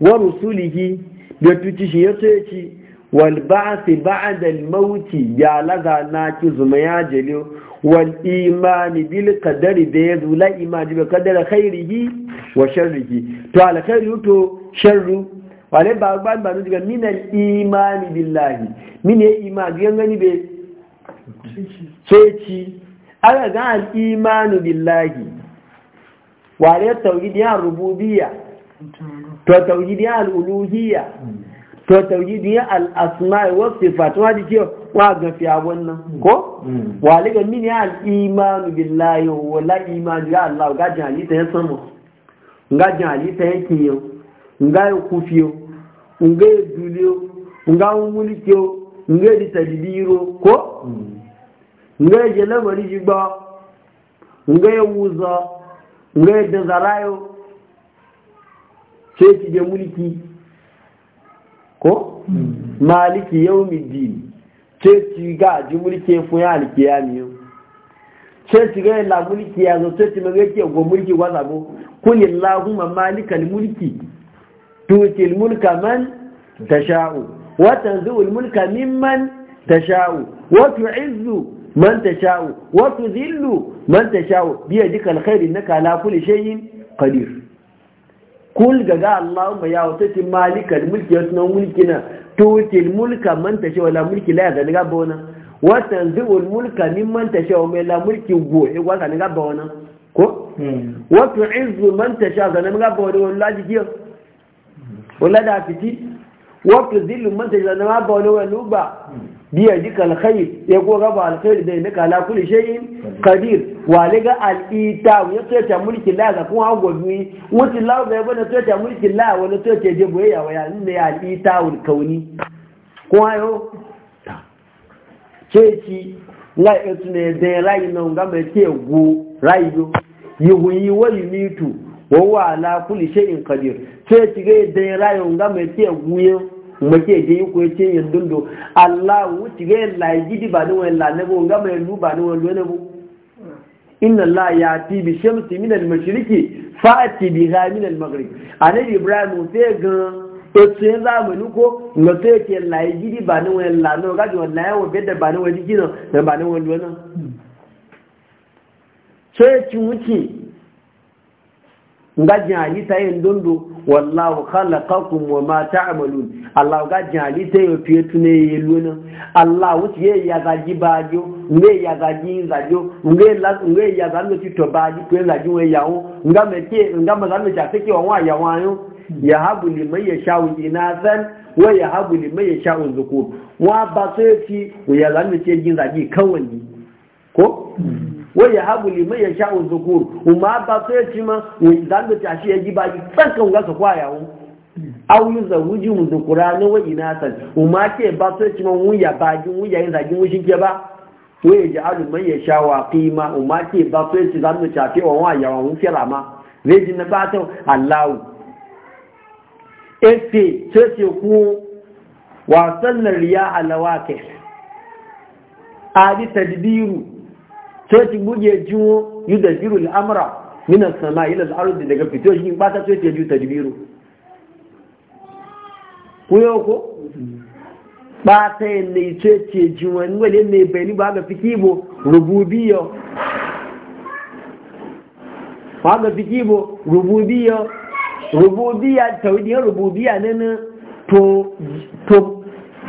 wa rusulihi da tuci shi ya tsoyaci wal ba'si ba'da al mauti ya laza na ki zuma ya jelo wal imani bil qadari da ya zula imani bil qadari khairihi wa sharrihi to al khairu to sharru wale ba ba ba diga min al imani billahi min ya imani gangani be tsoyaci ala ga al imanu billahi wale tauhidiyar rububiyya to tauhidiyar uluhiyya to tauhidiyar al'asma'i wasu sifatu wa jike wa gafi a wannan ko wale ga mini al'imanu billahi wala imanu ya Allah gajin halitta ya samu gajin halitta ya kiyo nga ya kufiyo nga ya duliyo nga ya mulikiyo nga ya talibiro ko mm. nga ya jalabari jigba ga ya wuza ngai da zarayo sai ki da mulki ko mm. maliki yawmiddin sai ki ga ji mulki fun ya yau sai ki ga la mulki ya zo sai ki ma ga ki go mulki wa zabo kulillahumma malikal mulki tutil mulka man tasha'u wa al mulka mimman tasha'u wa tu'izzu man tasha'u wa tuzillu man tasha'u bi yadika alkhair innaka ala kulli shay'in qadir kul gaga allahumma ya watati malikal mulki yasna mulkina tutil mulka man tasha'u la mulki la da ga bona wa tanzi'u almulka mimman tasha'u ma la mulki go e wa ga ba bona ko hmm. wa tu'izzu man tasha'u da ga ba bona wallahi giyo wallahi da fiti wa tuzillu man tasha'u da ga ba bona wallahi biya dika alkhair ya ko raba alkhair da naka ala kulli shay'in qadir wa liga alita ya ce ta mulki la ga kun hawo bi wuti la ga ba na to ta mulki la wa na ta je boye ya waya ne alita ul kauni ko ayo ceci la etu ne de rai no ga me ce gu rai yo yi yi wa mitu wa wa ala kulli shay'in qadir ci ga de rai no ga me ce egu yo make yi ko ce yin dundo Allah wuce ga la gidi ba ni wala ne bo ngama lu ba ni wala ne bo inna Allah ya ti bi shamsi min al-mashriqi fa'ati biha min al-maghrib anabi Ibrahim sai ga za mu zamani ko na to yake la gidi ba ni wala ne ga ji wala ya wo bedda ba ni wani gidi na ba ni wala ne sai ci wuce nga jali ta yin dundu wallahu khalaqakum wa ma ta'malun Allah ga jali ta yo fiye tune yeluna Allah wuce ye ya ga jibajo nge ya ga jinzajo nge la nge ya ga no tito baji ko la jiwe yawo nga meke nga ma ga no ja seke wa wa ya wayo ya habu liman yashau inasan wa ya habu liman yashau zukur wa ba sai fi ya ga no ce jinzaji kawai ko wai ya habu liman ya sha zukur umma ba sai ci ma zan da tashi ya giba ji tsankan gasa kwaya wu aw yi zawuji mu zukura ne wai ina san umma ke ba sai ci ma wun ya ba ji wun ya yin zagin wushin ke ba wai ya ji alu man ya sha wa qima umma ke ba sai ci zan da tashi wa wa ya wun fira ma zai ji na ba ta Allahu efe sai ce ku wasan riya alawake adi tadbiru sai ci buge jiwo yi da jiru al'amura minan sama ila al'arudi daga fito shi ba ta sai ta ju ta jibiru ko ba ta yin ne ce ce jiwo ni ne bai ni ba ga fikibo rububiyo ba ga rububiyo rububiya tawidiyar rububiya ne na to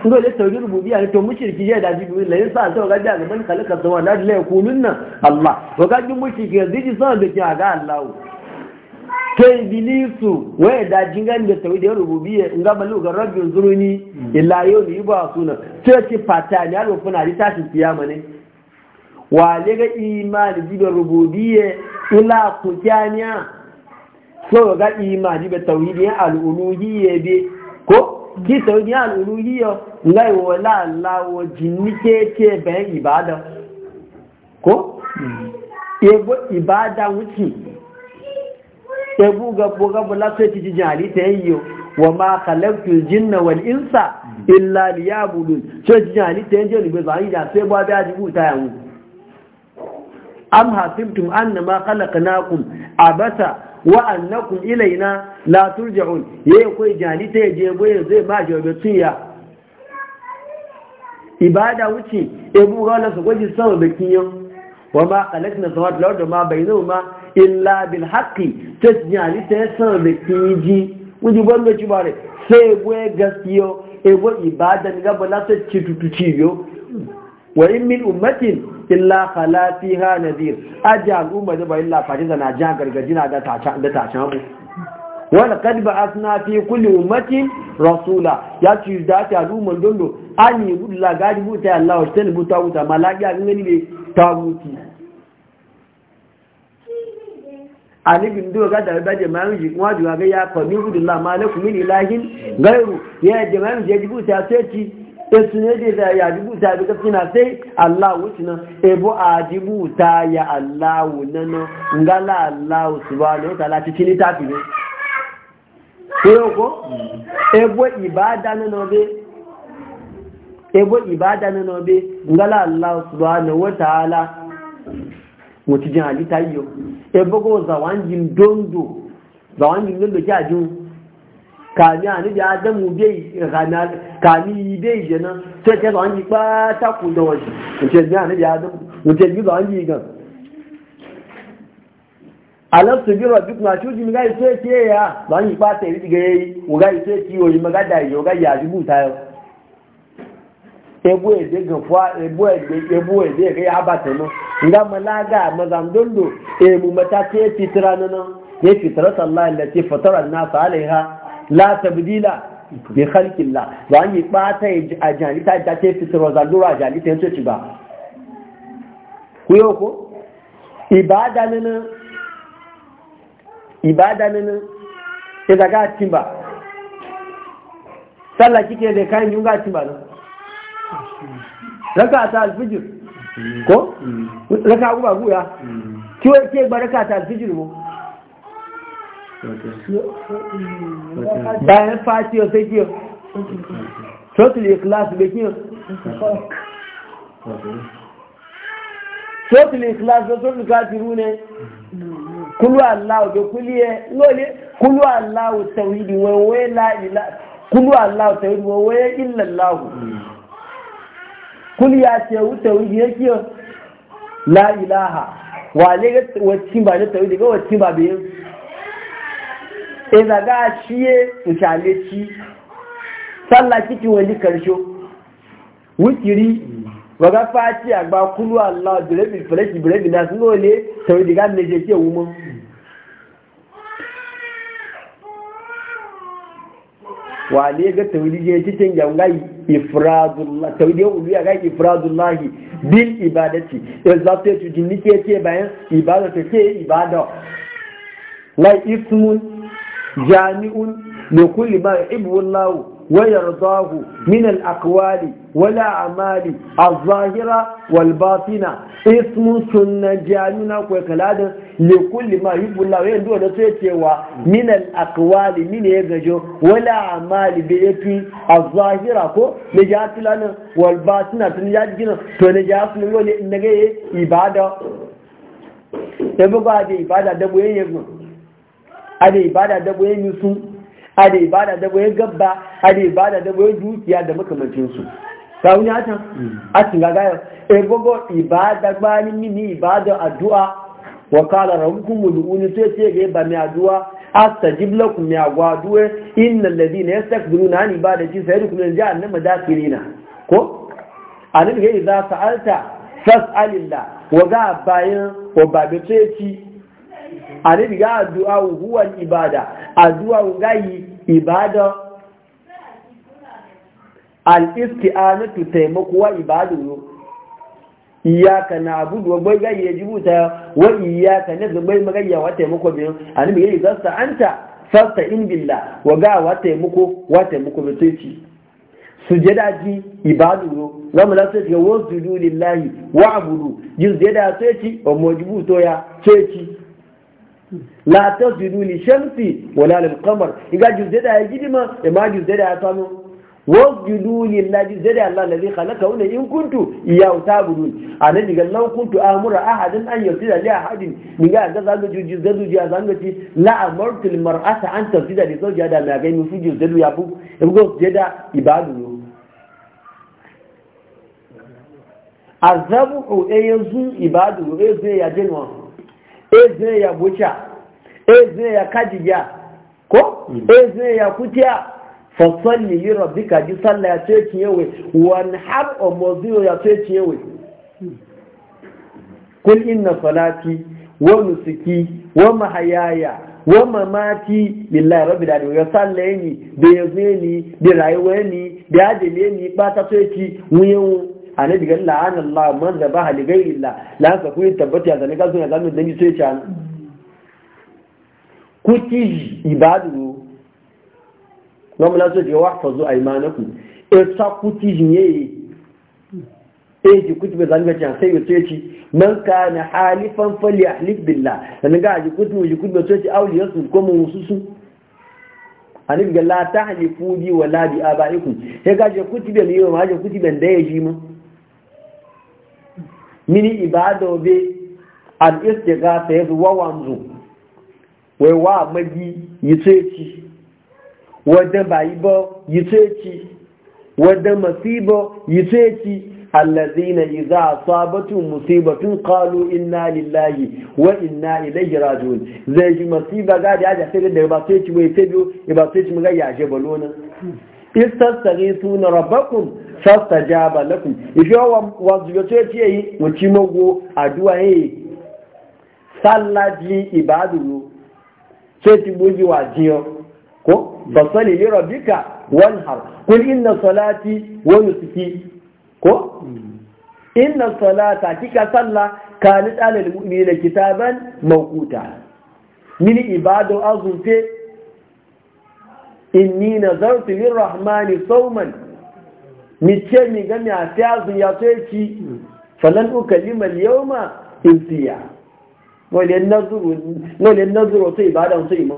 ngo le tawhid rububiyya to mushriki ya da jibril la yasa to ga daga man khalaqa zawana la yakununna allah to ga jin mushriki ya ji sa da ga allah to ibilisu waye da jingan da tawhid rububiyya in ga balu ga rabbi zuruni illa yau ni ba suna ce ci fata ne alo funa ri tashi kiyama ne wa le ga imani jibril rububiyya ila kutaniya so ga imani be tawhidin al-uluhiyya bi ko ki tawhidin al-uluhiyya laiwo lalawo jinike keke bayan ibada ko? ebo ibada wuce ebu gabo gabo lafai ti jijin halitta yayyo wa ma khalaqtul jinna wal insa illa liyabudun ce jijin halitta yayyo ne ba yi da sai ba da jibu ta yawo am hasibtum anna ma khalaqnakum abasa wa annakum ilaina la turja'un yayi koi jani ta yaje boye zai ma jawabe ya. ibada wuce ebu gawala su gwaji sama da kiyan wa ma na sama da ma bai zama ma illa bil haƙi ta jali ta ya sama da kiyi ji wuji gwamna ci bare sai gwe e gaskiyo ebu ibada ni gaba na ta ci tutu wa in min ummatin illa khala fiha nadir aja al'umma da ba illa da na jan gargaji na da tashan abu wala kad ba asna fi kulli ummatin rasula ya ci da ta rumul dondo ani bulla gadi buta Allah wa tan buta buta malaka ngani be tawuti ani bin do ga da ba je mai ji kuma juwa ga ya qami bulla malakum min ilahin gairu ya je mai je buta sai ci esu ne da za ya jibu ta duka suna sai Allah wuce ebo a jibu ta ya Allah wunanan ngala Allah subhanahu wa ta'ala cikin tafi ne ko ebo ibada na nobe ebo ibada na nobe ngala Allah subhanahu wa ta'ala mutijin alita yiyo ebo go zawanjin dondo zawanjin dondo ki ajun kami ani bi adamu bi kana kami bi jena sai ke zawanji pa ta ku da wani mutijin ani bi adamu mutijin zawanji gan alam su biro duk na cuji mi gai sai ke ya ba ni ba ta yi gai u gai sai ki o yi maga da yo gai ya ji buta yo ebu e de gan fwa ebu e de ebu e de gai abata no nga malaga mazam dondo e mu ta ke fitra no no ye fitra sallallahu allati fatara an-nas alaiha la tabdila bi khalqillah ba ni ba ta yi e ajali ta ta ke fitra zalura ajali ta ce ci ba ku yo ko ibada no ibada nan sai ga cin ba sallah kike da kayan yunga cin ba nan raka ta alfijir ko mm. raka ku ba guya mm. kiwo ke ba raka ta alfijir mu fati o sai kiyo total ikhlas be kiyo total ikhlas da total kafiru ne mm. kulu aláwò tó wa lóòlé kulu aláwò tẹ̀wìdì wọn wé láìlá kulu aláwò tẹ̀wìdì wọn wé ìlàláwò kulu ya tẹ̀wù tẹ̀wìdì yẹn kí ọ láìláha wà lẹ́gẹ́ wọ́n bá ní tẹ̀wìdì kọ́ wọ́n bá bẹ́ẹ̀ ìzàgá ṣíyé ìṣàlẹ̀ sí sálà kíkì wani ní wukiri. waga fati agba kulu allah birebi falaki birebi na sun ole sau diga ne je ke wumo wa ne ga tawidi je cikin yangai ifradullah tawidi ulu ya ga ifradullah bil ibadati exalte tu jinni ke ke bayan ibada ta ke ibada la ismun jami'un li kulli ma yuhibbu allah wa yardahu min al aqwali ولا أعمال الظاهرة والباطنة اسم سنة جانونا وكلاد لكل ما يحب الله ويندو نسيتوا من الأقوال من يجو ولا أعمال بيتي الظاهرة كو نجات لنا والباطنة نجات جنا فنجات لنا نجي إبادة يبقى هذه إبادة دبوين يبقى هذه إبادة دبوين يسون a da ibada da waye gabba a da ibada da waye dukiya da makamancinsu kawun ya can mm. a cinga gayar ebogo eh, ibada gbani mini ibada addu'a wa kala rabbukum ud'uni sai ce ga ba mai addu'a astajib na ya da na gwaduwe innal ladina yastakbiruna an ibadati sayadkhulun jahannama dakirina ko anan ga idza sa'alta fas'alillah wa ga bayan wa ba ga ceci anan ga addu'a huwa ibada addu'a gayi ibada al'isti'anatu taimaku wa ibadu iyaka na abudu wa bai gayya jibuta wa iyaka na zubai magayya wa taimako biyu a nemi yayi zasta anta fasta in billa wa ga wa taimako wa taimako da sai ci sujada ji ibadu yo zamu la sai wasu wasjudu lillahi wa abudu jin da sai ci wa mujibu to ya sai ci la tasjudu li shamsi wala lil kamar iga jin sujada ya ma? ya ma jin sujada ya samu wajudu lillahi zai da Allah ladhi khalaqa wa in kuntu ya ta'budun An diga law kuntu amura ahadin an yusida li ahadin min ga ga zanga juji zadu ji zanga ci la amartu lil mar'ata an tusida li zawjiha da la gaini fuji zadu ya bu go jeda ibadu azabu e yanzu ibadu e zai ya jinwa e zai ya bucha e zai ya kajiya ko mm. e zai ya kutiya fasalli li rabbika ji sallah ya ce ki yawe wan har omoziyo ya ce ki yawe kul inna salati wa nusuki wa mahayaya wa mamati lillahi rabbil ni da yaze ni da rayuwa ni da ajele ni ba ta ce ki wuyewu annabi ga la'ana Allah man zabaha li ghayri Allah la ka ku tabbata da ne ga zuwa zamu dan ji ce ta ibadu wọ́n mú lásìkò ìwà àfọ̀zù E ẹ̀ta kú ti yìnyẹ́ yìí eji kutu bai zanen bacin sai yato yaci man ka na halifan fali ahlif billah da na gaji kutu mai kutu bai soci auli yasu ko mun wasu su hanif ga la ta halifu bi wa la bi abaikum ya gaji kutu bai yi ma gaji kutu bai da ya ji mu mini ibada be al istighatha yazu wa wanzu wai wa magi yato yaci wadda bayi ba yi ceci wadda masiba yi ceci allazina idza asabatu musibatun qalu inna lillahi wa inna ilayhi rajiun zai ji masiba ga da ya sai da ba sai ci bai sai biyo ba sai ci mai ga ya je balona istasghithuna rabbakum fastajaba lakum ife eh? wa wazuyo ce ce yi wuci mago addu'a yi sallaji ibadu ti buji wa jiyo ko فصلي لربك وانهر قل إن صلاتي ونسكي كو إن الصلاة كيكا صلى كانت على المؤمنين كتابا موقوتا من إباد أظن في إني نظرت للرحمن صوما مثل من جميع سياز يطيتي فلن أكلم اليوم إنسيا ولن نظر ولن نظر وطيب هذا صيما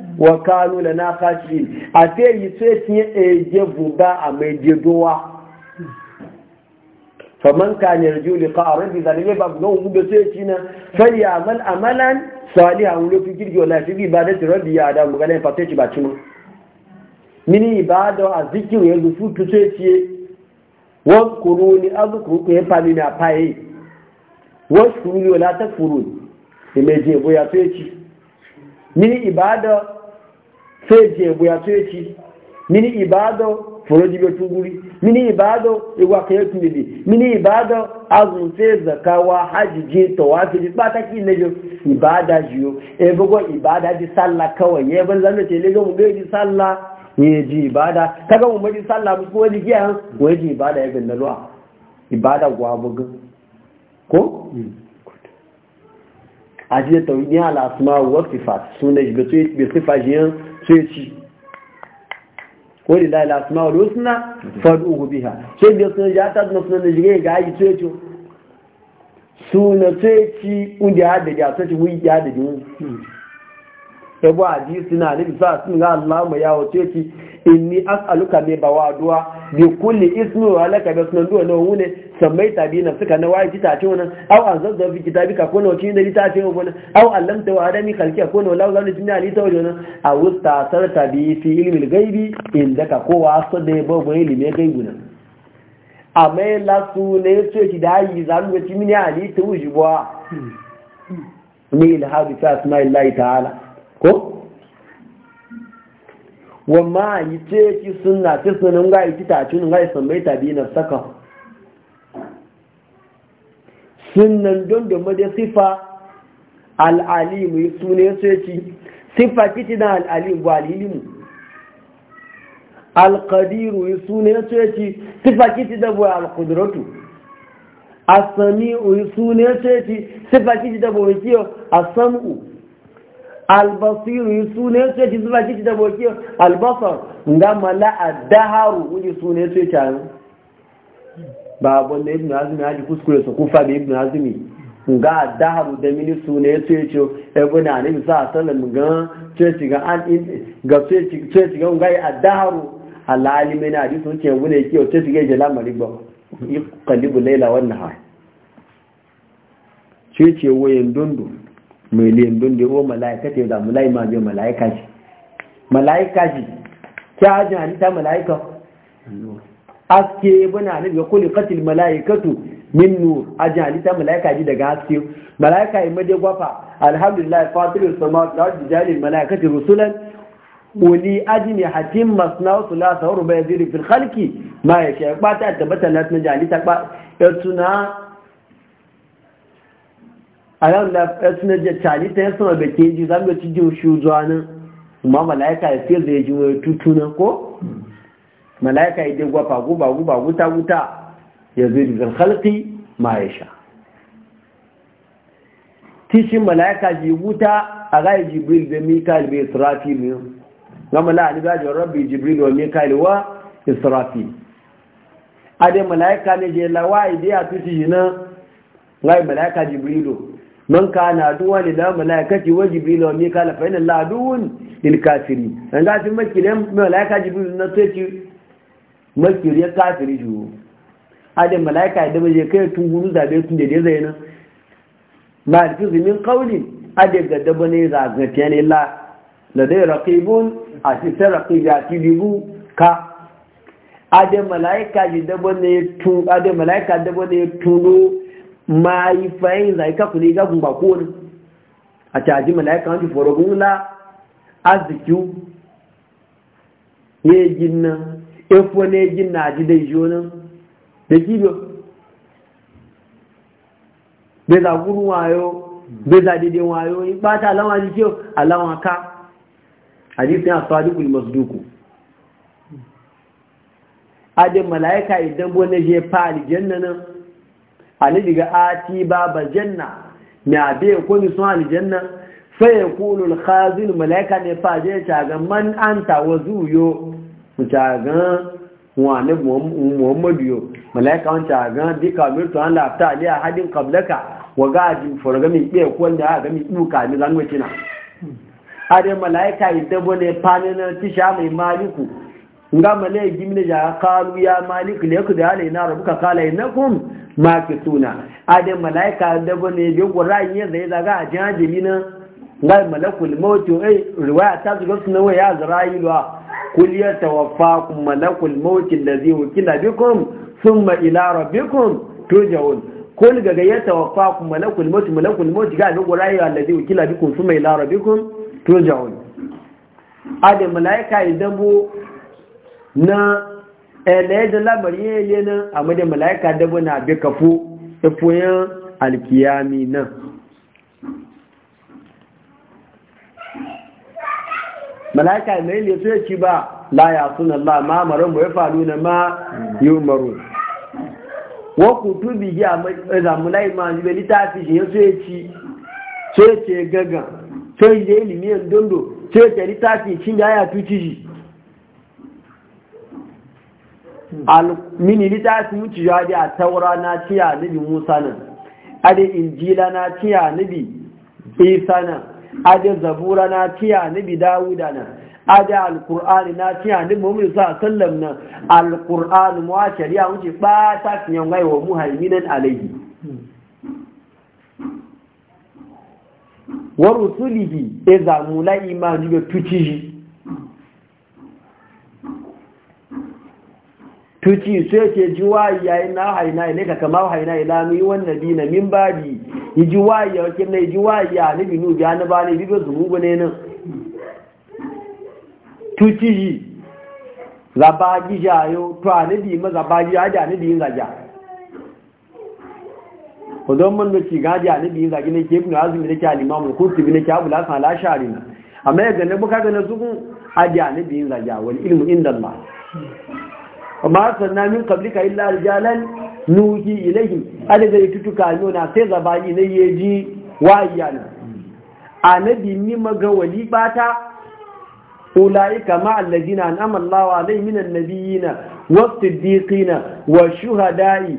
wa kanu da na kashi a te yi sai a yi eje buga a mai jedowa faman ka ne raju liqa a rabbi zane ba ga hungu da sai ci na sai ya amal amalan a wani fi kirki wala fi ibadati da ya da mugana fa sai ci ba cinu mini ibada a zikiru ya zufu tu sai ci kuru ni azkuru ko ya fali na faye wa shukuru wala takfurun je boya sai ci mini ibada sai je buya to yaci mini ibado furoji be tuguri mini ibado iwa kayo tunibi mini ibado azun sai zakawa haji je tawafi ji bata ki ne jo ibada jiyo e bugo ibada ji salla kawai ye ban zan ce lego mu gaji salla ye ji ibada kaga mu maji salla mu ko ji ya ko ji ibada ya bin na ruwa ibada gwa bugo ko ajiye tawidi ala asma wa sifat sunne bi sifat jiyan sai ci wani da ila suna wani suna faɗi uku biha sai biya suna ya ta suna da jirage ga aji sai ci suna sai ci ya da ya sai ci wuyi ya da jiwu yabo hadisi na nabi sa sun ga Allah mu yawo ce ki inni as'aluka bi bawadua bi kulli ismi wa laka bi sunan duwa nawu ne samai tabi na suka na wayi ta ce wannan aw zazzo bi kitabi ka kono cin da ta ce wannan aw ta wa adami kalki ka kono lawu lawu jinna ali ta wannan aw sar tabi fi ilmi al-ghaibi indaka ko wa sadai babu ilmi ghaibu nan amai la su ne ce ki da yi ga ci mini ali ta wujuwa hmm. hmm. ni ilhabi ta asma'illahi ta'ala ko wamma yi ce ki suna ki sunan ga yi titacin ga yi sammai tabi na saka sunan don da mada sifa al'alimu yi sune sai ci sifa kiti na al'alimu ba al'ilimu alkadiru yi sune sai ci sifa kiti da bu al-qudratu as-sami'u yi sune sai ci sifa kiti da bu kiyo a samu albasiru yi sune su ci zuba ci da boki albasar nga mala daharu wuji sune su a anu ba wanda ibn azumi haji kuskure su kufa da ibn azumi nga da mini sune ebe na ne bisa asalin ga ceci ga an in ga ceci ga ngai addaharu alali mai na ce wune kiyo ceci ga jela mariba yi kalibu laila wannan ha wayan dundun mai lindun da yawon mala'ika ta da mula'i ma biyu mala'ika shi mala'ika shi kya hajji halitta mala'ika haske buna nan ya kuli katil mala'ikatu min nur ajin halitta mala'ika ji daga haske mala'ika yi madai gwafa alhamdulillah fatiru sama da wajen jalin ta rusulan wani aji ne hatim masna wasu lasa horo bayan zirin filhalki halki ma ya shi ya ɓata tabbata na tunan jalita ɓa ya tuna a yau da suna jacali ta yasa ma bakin ji zan ga cikin shi zuwa nan ma malaika ya e fiye da e ya ji wani tutuna ko malaika ya e dagwa fagu bagu bagu ta wuta ya zai zan halki ma ya sha tishin malaika ji wuta a gaya jibril da mikael bai israfi ne gama la'ani gajin rabbi jibril wa mikael wa israfi a dai malaika ne je lawa idiya tushi na gai malaika jibrilu man na duwa ni da malaikati wa jibril wa mikael fa inna la duwun lil kafiri dan ga tin ne malaika jibril na tsoci makir ya kafiri ju ade malaika da baje kai tun guru da bai tun da dai zai nan ma alfiz min qawli ade ga da bane za ga ne la la dai raqibun asita raqibati bibu ka ade malaika ji da bane tun ade malaika da bane tunu ma yi fayin zai kafu ne gagun ba kowane a caji mala'ika wani forogun la arziki ya gin nan efo ne gin na ji dai jo nan da kibiyo bai za guru wayo bai za daidai wayo in bata alama ji kyau alama ka hadisi ya sadiqul duku. adin mala'ika idan bone je fa aljanna nan annabi ga ati babal janna me abe ko mi sun aljanna fa yaqulu al khazin malaika ne fa je ta ga man anta wazuyo ta ga wa ne muhammadu yo malaika on ta ga dika mirtu an la ta ali hadin qablaka wa gaji furga mi be ko wanda ga mi duka mi zanwace na are malaika idabo ne panina tisha mai maliku nga male gimne ya qalu ya malik ku dale na rabbuka qala innakum makituna ade malaika da bane je qur'an ya zai daga ajaji mina nga malakul maut ai eh, riwaya ta zuwa sunawa ya zrailwa kul tawaffakum malakul maut allazi wukila bikum thumma ila rabbikum turja'un kul gaga tawaffakum malakul maut malakul maut ga qur'an ya allazi wukila bikum thumma ila rabbikum turja'un ade malaika idan bu na ɗaya da lamari ya yi nan a madin mala'ika dabu na bi kafo ifoyin alkiyami nan mala'ika mai leso ya ci ba la ya suna la ma maron bai faru na ma yi umaru wakun tubi yi a zamulai ma jibe littafi shi ya so ya ci so ya ce gagan so ya ilimi yandondo so ya ce littafi shi da ya tuci shi ta su mutu ya a taura na ciya nabi musa nan ade injila na ciya nabi isa nan ade zabura na ciya nabi dawuda nan ade alkur'ani na ciya nabi muhammadu sa sallam nan alkur'ani mu shari'a wuce ba ta fiyan gaiwa muhaiminan alayhi wa rusulihi idza e mulai ma jibe tuci tuci sai ke ji wayi yayi na haina ne ka kama haina ila mi wannan na min badi, yi ji wayi ya kin ne ji wayi ya ni binu ga na bani bibe zumu ne nan tuci zabaji jayo to anibi ma zabaji ya ja anibi zaja ko don mun ci ga ja anibi zagi ne ke ibnu azmi ne ke al-imam al-qurtubi ne ke abu al amma ya ga ne buka ga na zugun a ja yin zaja wal ilmu inda Allah amma sannan min qablika illa rijalan nuhi ilayhi ada zai tutuka na sai zabani ne yaji wayan anabi ni maga wali bata ulaika ma alladina an'ama Allahu alayhim minan nabiyina was-siddiqina wash-shuhada'i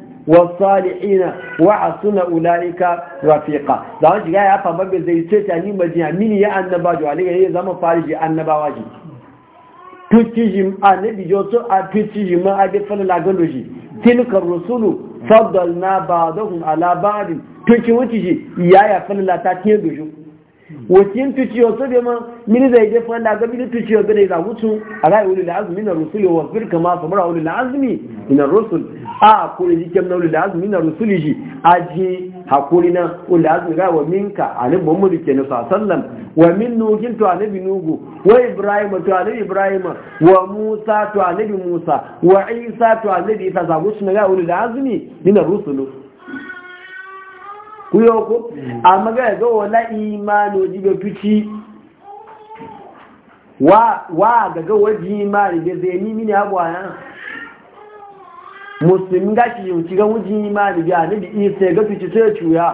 wa hasuna ulaika rafiqa da wajiga ya fa babbe zai ce ta ni majiya mini ya annabawa alayhi zama fariji annabawa ji tuciji a nabi joto a tuciji ma a gefan lagaloji tilka rusulu faddal na ba da hun ala ba da tuci wuciji ya ya falala ta dojo wakin tuciyo su da ma mini zai je fanda ga mini tuciyo ga da ya mutu a ga ulul azmi na rusuli wa firka ma mura ulul azmi na rusul a kuri ji na ulul azmi na rusuli ji aji hakuri na ulul azmi ga wa minka annabi muhammadu kenan sallam wa min nugin to annabi nugu wa ibrahim to annabi ibrahim wa musa to annabi musa wa isa to annabi isa za mutu na ga ulul azmi na rusulu kuyo ko hmm. amma ga ga wala imani ji ga fici wa wa ga ga waji imani da zai ni mini abwa na musulmi ga shi ci ga wuji imani ga ni isa ga fici sai cuya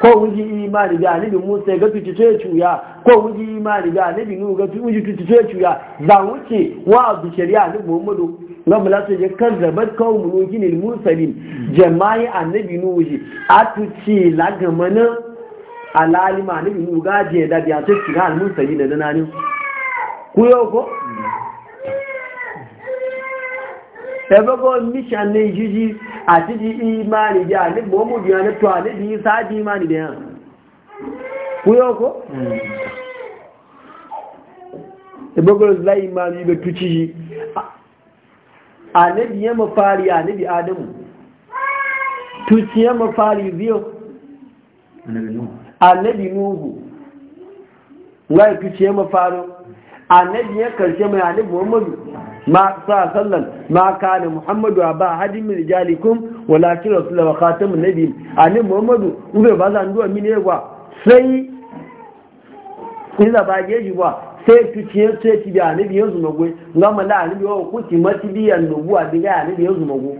ko wuji imani ga ni musa ga fici sai cuya ko wuji imani ga ni nu ga fici sai cuya zan wuce wa bi shari'a ni muhammadu ngam la su je kazzabat kawo nuhin al mursalin jama'i annabi nuhi atuci la lagamanin alalima annabi nuhu ga je da biya to shiga al mursalin da nani ku yau ko ko mission ne jiji a tiji imani da ne mu biya na to ne bi sa di imani da ku yau ko ko hmm. zai imani be tuci annabi ya mafari annabi adamu tuci ya mafari biyo annabi nuhu wai tuci ya mafari annabi ya karshe mai annabi muhammadu ma sa sallan ma kana muhammadu aba hadin min rijalikum walakin rasulullah wa khatamun nabi annabi muhammadu ube ba za nduwa mini gwa sai ina ba geji ba sai su ciye su ya ci biya ni biyan mago nga ma la ni biyo ku ci mati biyan nubu a biya ni biyan su mago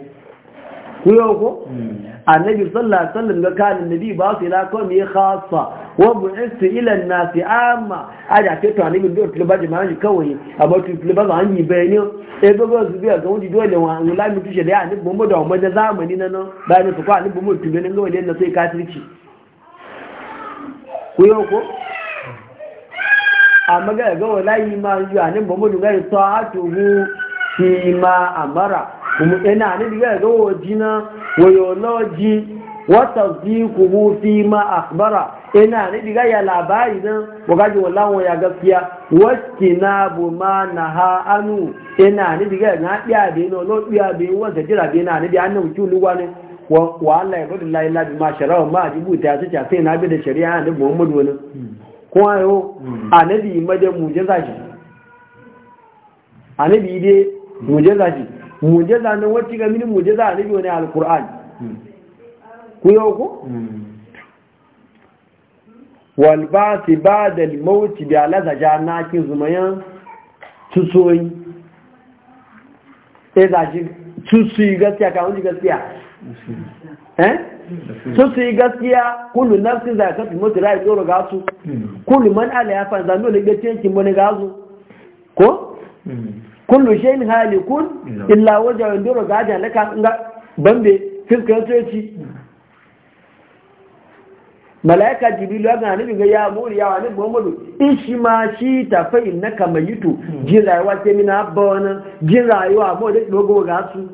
ku yau ko hmm. annabi sallallahu alaihi wasallam ga kan nabi ba su ila ko mi khassa wa bu'istu ila an-nas amma aja ke to annabi do tilba ji manji kawai amma to tilba ba an yi bayani e ba ba su biya ga wani dole wa la mi tushe da annabi bombo da mu da zamani nan ba ni su ko annabi bombo tubene ga wani na sai kafirci ku yau ko amma ga ga wallahi ma yi anin ba mudu ga ta'atuhu fi ma amara kuma ina ne ga ga wajina wayoloji wa tasdiquhu fi ma akhbara ina ne diga ya labari nan wagaji wallahu ya gaskiya na bu ma na ha anu ina ne diga na biya be na lo biya be wanda jira be na ne bi annabi kulu wani wa Allah ya bada la ilaha illa ma shara'a ma jibuta su ta sai na bi da shari'a da Muhammadu wani kuma hmm. yau anabi madan mujaza shi anabi dai mujaza shi mujaza nan wacce ga mini mujaza anabi wani alkur'an hmm. ku yau ko hmm. walbasi ba da limauti da alazaja na kin zumayen tusoyi ɗaya e zaji tusoyi gaskiya kawunci gaskiya eh su su yi gaskiya kullu nafsin za ya kafin tira ya tsoro gasu kullu man ala ya fara fanza nuna ga cikin wani gasu ko kullu hali kun illa wajen wandoro gaja na kan bambe fiskar tsoci malaika jibilu ya gane daga ya muri ya wani in ishi ma shi tafai na kamayito jin rayuwa sai mina abba wani jin rayuwa mo da dogo ga su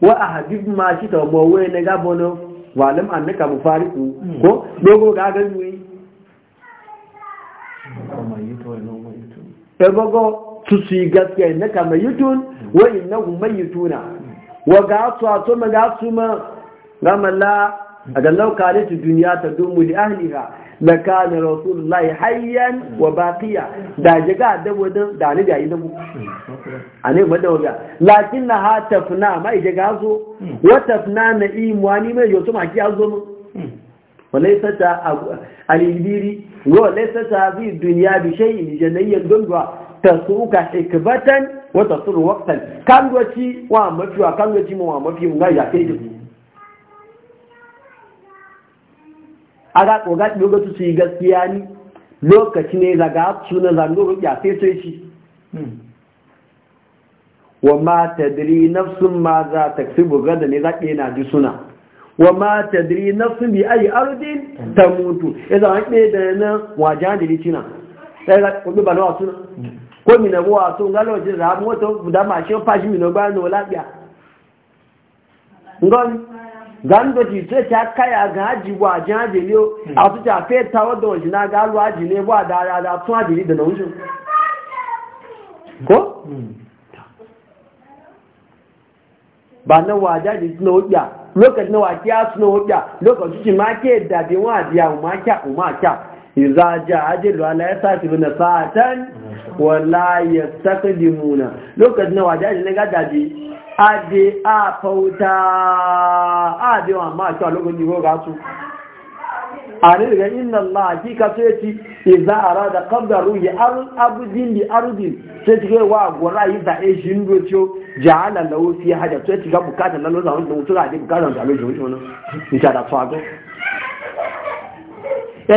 wa a habib ma shi ta mawa na gaba walim annaka mufariku ko dogo ga ga yi ebogo eh, su su gaskiya innaka mayitun wa innahu mayituna wa ga su a to ma ga su ma gamala Ada law kanat dunya tadumu li ahliha la na rasulullahi hayyan wa baqiya da jiga da wadan da ni da yi da mu ane madan waga lakinna ha tafna mai jiga zo wa tafna na ani mai tuma ki azo mu walaisa ta alibiri walaisa ta fi duniya bi shayi janayyar dundwa ta suka ikbatan wata suru waktan kan gwaci wa mafi kan gwaci mu wa mafi mun ga ya kai aga ga lokacin su yi gaskiya ni lokaci ne daga suna zango ya sai sai shi hmm. wa ma tadri nafsun ma za ta buga da ne zaɓe na ji suna wa ma tadri nafsun bi ayi ardin ta mutu ya zama ɗaya da na wajen da ni cina sai za ku ba nawa suna ko mi na buwa sun ga lokacin da mota da mashin fashi mi na bayan na, wala biya ngani gando ji ce ta ya ga haji wa jaje ne a su ta fe ta wadda wani na ga alwa ji ne ba da da tun haji da na wucin ko hmm. ba na wa jaje suna hujja lokacin na wakiya suna hujja lokacin shi ma ke da bi wa biya ma kya ma kya iza ja ajilu ala ya sa na sa'atan wala yastaqdimuna lokacin na wa jaje ne ga daji ade a fauta a de wa ma ta logo ni go gasu ani daga inna allah hakika sai ci iza arada qabda ruhi ar abdin li ardin wa yi da e shin do cho ja'ala lahu fi hada sai ci ga bukata lalo da wannan mutura da bukata da lojo wannan ni ta da fago ya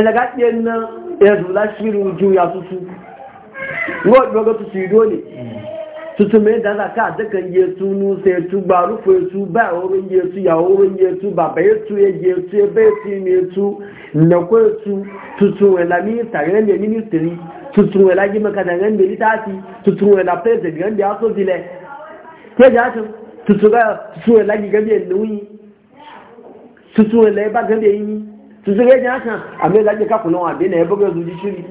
ya zula shiru ju ya ngo tuntun mai da zaka a dukkan yetu nusa yetu gbarufu yetu ba orin yesu ya yesu ba ba yesu ya yetu ya bai tu ne yetu na kwa yetu tuntun wela minista ganin da ministry tuntun wela ji makata ganin da litati tuntun wela president ganin da aso zile ke da asin tuntun wela ji gabi yadda wuyi tuntun wela ba gabi yi tuntun gaji asin a mai zaki kakunan wa bai na ya buga zuji shiri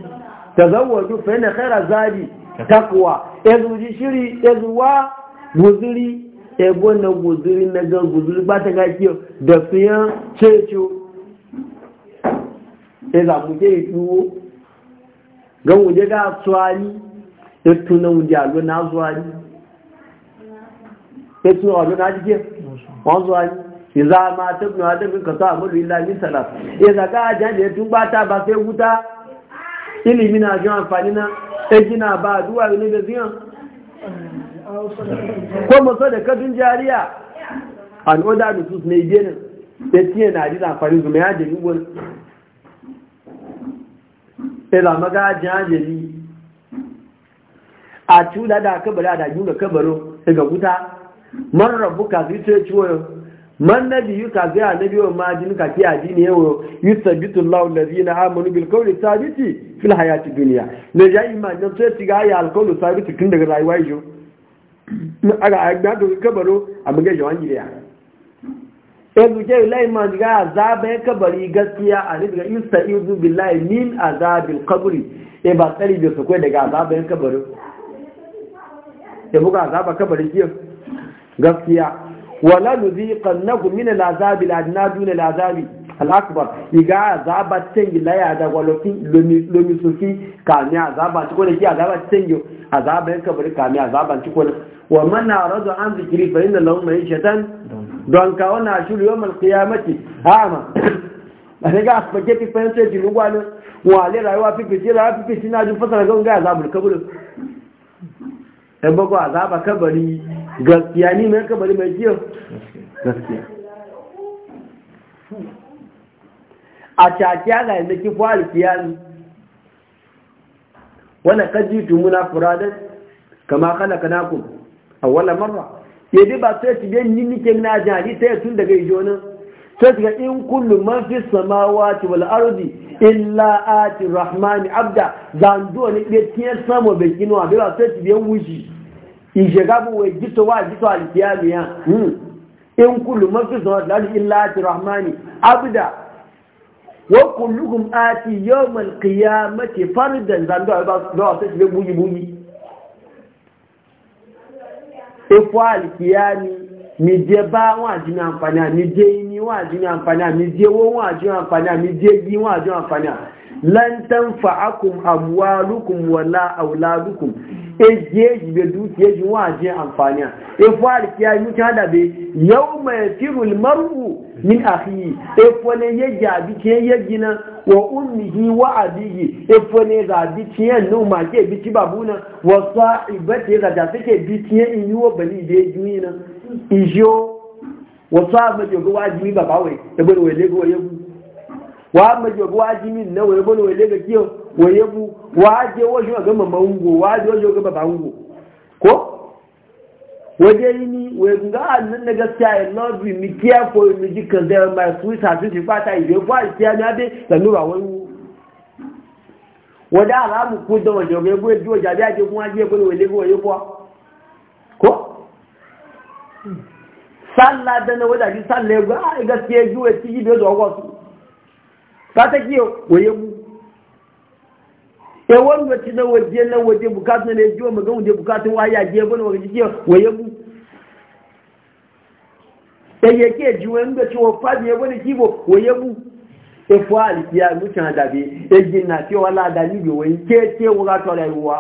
tazawwaju fa yana khaira zabi takwa ezu ji shiri ezu wa guzuri ebo na guzuri na ga guzuri ba ta gaji da fiyan ceco eza mu ke tuwo gan wuje ga tswali da tunan wuje alo na tswali ya tuna alo na jike wọn tswali iza ma ta bin adabin ka sa amuru illa min salaf ya zaga ajiya da ya tun ba ta ba sai wuta ilimin ajiyar amfani na ejina ba duwa ne da ziyan ko maso da kadun jariya an oda da sus ne genin ya e tiye na ji amfani zuma ya jeli wani ila e magajin ajeli a cula da kabari a da kabaro daga e wuta man rabu zai ce man nabi yuka zai annabi wa majin ka ki adini yawo yusabitu Allah allazina amanu bil qawli thabiti fil hayati dunya ne ya iman nan sai tiga ya al qawlu thabiti tun daga rayuwa yau aga aga to kabaro amma ga jawan gidiya yanzu ke lai ma diga azabe kabari gaskiya a riga yustaizu billahi min azabil kaburi. e ba tsari da su kai daga azaben kabari e buga azaba kabari gaskiya wala gumi na al'azabi al'adna duna al'azabi al'akbar iga azaba tengi la ya da walofin lomi sufi kami azaba ci ne ki azaba tengi azaba yanka bari kami azaba ci ne wa man arada an zikri fa inna lahu ma'ishatan don ka wana shuru yawm al-qiyamati ama ne ga spaghetti fa yanka ji ne. wa le rayuwa fi fice rayuwa fi fice na ji fasara ga ga azabul kabul e azaba kabari gaskiya ni mai kabari mai jiya gaskiya a cakiya ga yadda ki fara kiyami wani kaji tumuna furadar kama halaka naku a wala ya ji ba sai ci biyan nike na jari sai tun daga ijo nan sai su ga in kullu man fi ci wal arzi, illa ati rahmani abda zanduwa ne ɗaya tiyar samun bai kinuwa bai ba sai shi biyan wuji ìṣẹ̀gábùwẹ̀ jíso wà jíso àjíyàmìyàn in kúlù mọ́sùsùn ọ̀dọ́lù ìlàtí rahmani abúdá wọ́n kùlùkùn àti yóò mọ̀lùkìyà mẹ́tẹ̀ faridan zandọ́ àbáwọ̀ sẹ́sẹ̀ búyibúyi ifọ̀ àlìkìyà ni mìdíẹ bá wọn àjínú àǹfààní àmìdíẹ yìí wọn àjínú àǹfààní àmìdíẹ wọ́n wọn àjínú àǹfààní àmìdíẹ yìí wọn àjínú àǹfààní àmì lan tanfa'akum amwalukum wala auladukum eje be dukiye ji wa je amfani e fari kiya mu ta da be yawma yatiru almar'u min akhihi e fone ye jabi ke ye gina wa ummihi wa abihi e fone ga bi tiye no ma ke bi ti babuna wa sa'ibati ga da take bi tiye in yuwa bali be jumina ijo wa sa'ibati ga wajibi babawe e bari wele go yegu wa majo wa jimi na wa yabo wele lega kiyo wa yabu wa je wa jo ga mama ungo wa je wa jo ga baba ungo ko waje yi ni wa ga annan ah, na gaskiya i love you mi care for you mi ji kan there my sweet heart ti fata ibe ko ai ti ani abe da nura wa wu wada ala mu ku da wajo ga bo ju ja ja je kun aje bo wa lega wa yabo ko sallah da na wada ji sallah ga gaskiya ju wa e ti ji be zo na pàtàkì wòye waye ẹwọ́ ń lọ́tí náà wòye náà wòye bukatun náà ya ọmọ gánwòye bukatun wáyé àjẹ́ ẹgbọ́n wòye jíjẹ́ wòye mú ẹyẹ kí ẹjì wọn ń lọ́tí wọn fàbí ẹgbọ́n ìjìbò wòye ya ẹfọ́ àlìkí àmúṣan àdàbí ẹjì náà tí wọ́n láàdá na wòye kéèké wọ́n látọ̀rọ̀ ìwà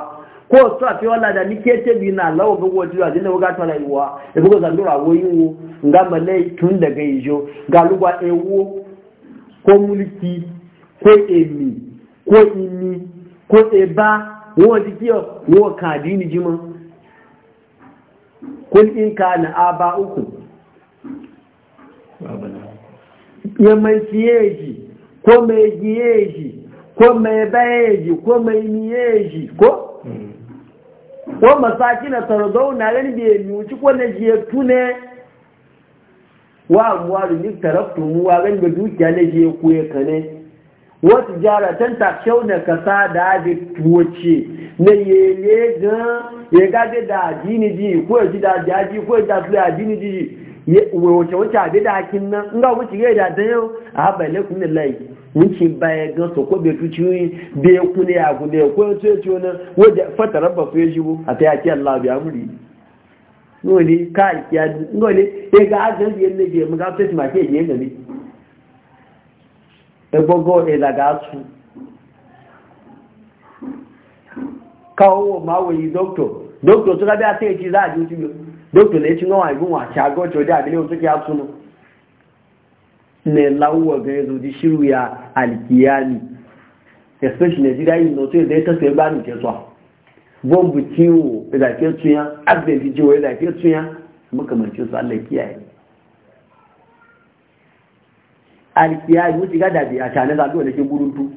kó sọ àti wọ́n láàdá ní kéèké bí náà lọ́wọ́ bí wọ́n ti rà dínà wọ́n látọ̀rọ̀ ìwà ẹgbẹ́gbẹ́ ko mulki ko emi ko ini ko eba wọ́n ti kí wọ́n kà dínì in ka na aba uku ya mai siyeji ko mai giyeji ko mai bayeji ko mai miyeji ko ko hmm. masaki na tarzau na gani ni miwuci ko na jiye tune wa amwalu ni taraftum wa gan da dukiya ne je ku ya kane wa tijaratan takshawna da abi tuwace ne yele ga ya ga da adini ji ko ji da jaji ko da tuli adini ji wace wace abi da hakin nan in ga wuce gaida da yau a balle ne lillahi mun ce baya ga so ko be tuci be ku ne ya ku ne ko ce ce wannan wajen fatara ba su yi shi a ta yaki Allah bi amuri ngole ka ya ngole e ga azan yen ne mu mga pes ma ke yen ne e gogo e la ga su kawo ma wo yi doctor doctor to ga bi ate ti za ju ti doctor le ti ngo wa igun wa cha go to da bi le o to ki asunu ne lawo ga zo di shiru ya alkiyani especially nigeria yin no to e de to se ba ni je so bombu kiwo da ke tuya arziki jiwo da ke tuya makamancin su Allah kiyaye alkiyaye wuce gada bi a tane zaɓi wanda ke guruntu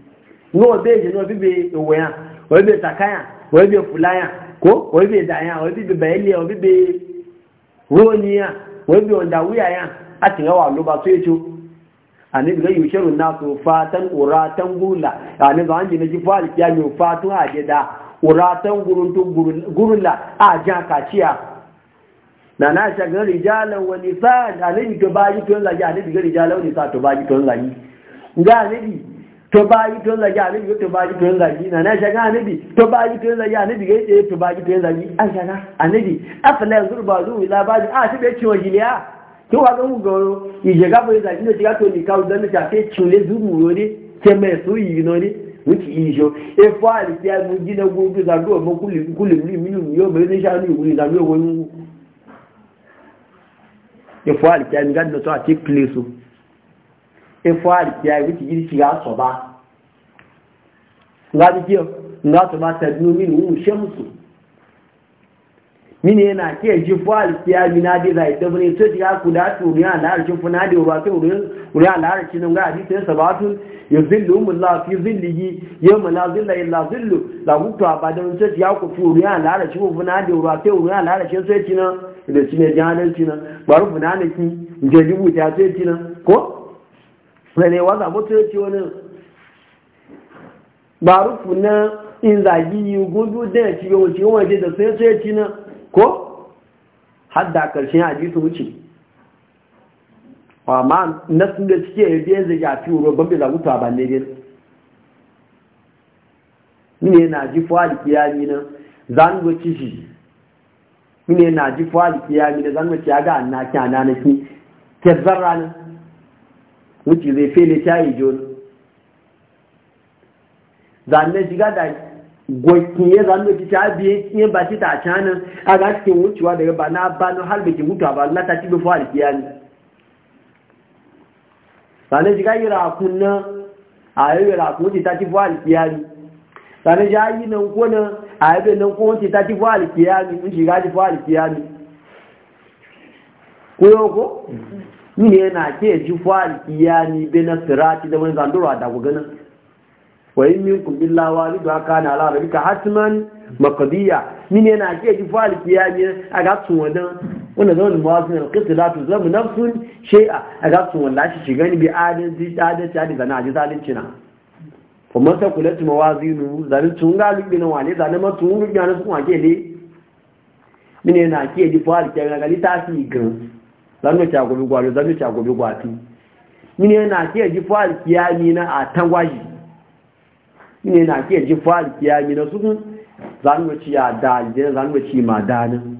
ní wọ́n bẹ́ẹ̀ jẹ́ náà bíbẹ̀ ìwòyàn wọ́n bẹ́ẹ̀ takayàn wọ́n bẹ́ẹ̀ fúláyàn kó wọ́n bẹ́ẹ̀ dàyàn wọ́n bẹ́ẹ̀ bẹ̀ẹ́lẹ̀ wọ́n bẹ́ẹ̀ róniyàn wọ́n bẹ́ẹ̀ ọ̀dàwúyàyàn àti ìyàwó àlóba tó ètò annabi zai yushe runa su fatan ƙura tan gula annabi an ji na ji fa alkiya mai fatu hajjada uratan guruntun gurulla a jan kaciya na na shagar rijalan wani sa alibi to bayi to lagi alibi ga rijalan wani sa to bayi to lagi ga alibi to bayi to lagi alibi ga to bayi to lagi na na shagar alibi to bayi to lagi alibi ga tsaye to bayi to lagi a shagar alibi afala yanzu ba zuwa ila baji a shi bai ciwon giliya ki wa ga goro ije ga bai zaki ne shiga to ni kawo dan ta ke cule zuru ne ke mai su yi no ne wiki ijo efo alisi amu jina gugu za do mo kuli kuli mli minu yo be ne ni wuri za do wonu efo alisi amu gadno to ati pleso efo alisi amu wiki jiri ti ga so ba ngadi je ngato ma tadnu minu mini yana ke ji fuwal ya yi na dai zai bane to ya ku da tu ne a larci funa da ruwa ta wurin wurin larci nan ga hadisi sa sabatu tu ya fi zillihi yawma la zilla illa zillu la hutu abadan da to ji aku fi wuri a larci funa da ruwa ta wurin a larci sai ci nan da ci ne jahalan ci nan bari funa ne ki je ta sai ci ko sai ne waza ta ci wani bari na in zagi gudu da ci yau ci da sai sai ci ko hadda karshen hadisi wuce amma na sun da suke ya biyan zai ya fi wuro ban za zagu ba ne biyan mine na ji fuhari kiyami na zanuwa cishi mine na ji fuhari kiyami na zanuwa ciya ga anna ki na na fi ke zarra na wuce zai fele ta yi joni zanuwa shiga da gwakin ya zanu da ta biye yin ba ci ta canan a ga cikin wucewa daga ba na ba har da ke mutu ba Allah ta ci bi fa alkiya ne sanin shiga yi rakun nan a yi rakun wuce ta ci fa alkiya ne sanin ji ayi nan ko nan a yi nan ko wuce ta ci fa alkiya ne mun shiga ci fa alkiya ne ko yau ko mm. ni ne na ke ci fa alkiya ne bi na sirati da wani zandura da gugunan wa in minkum illa walidu na ala rabbika hatman maqdiya min yana ke ji fali kiyami a ga tun wadan wannan zaman mawasin alqita la zamu nafsu shay'a a ga tun wallahi shiga ni bi adalci adalci da da na ji zalunci na kuma ta kula tu mawazinu zalunci ga lubi na wale ma tun ga na su wake ne min yana ke ji fali kiyami ga litafi gan zanu ta gobe gwalo zanu ta gobe gwati min yana ke ji fali kiyami na a tangwaji ne na ke ji fari kiyami na sukun zanwaci ya da aljihar zanwaci ma danin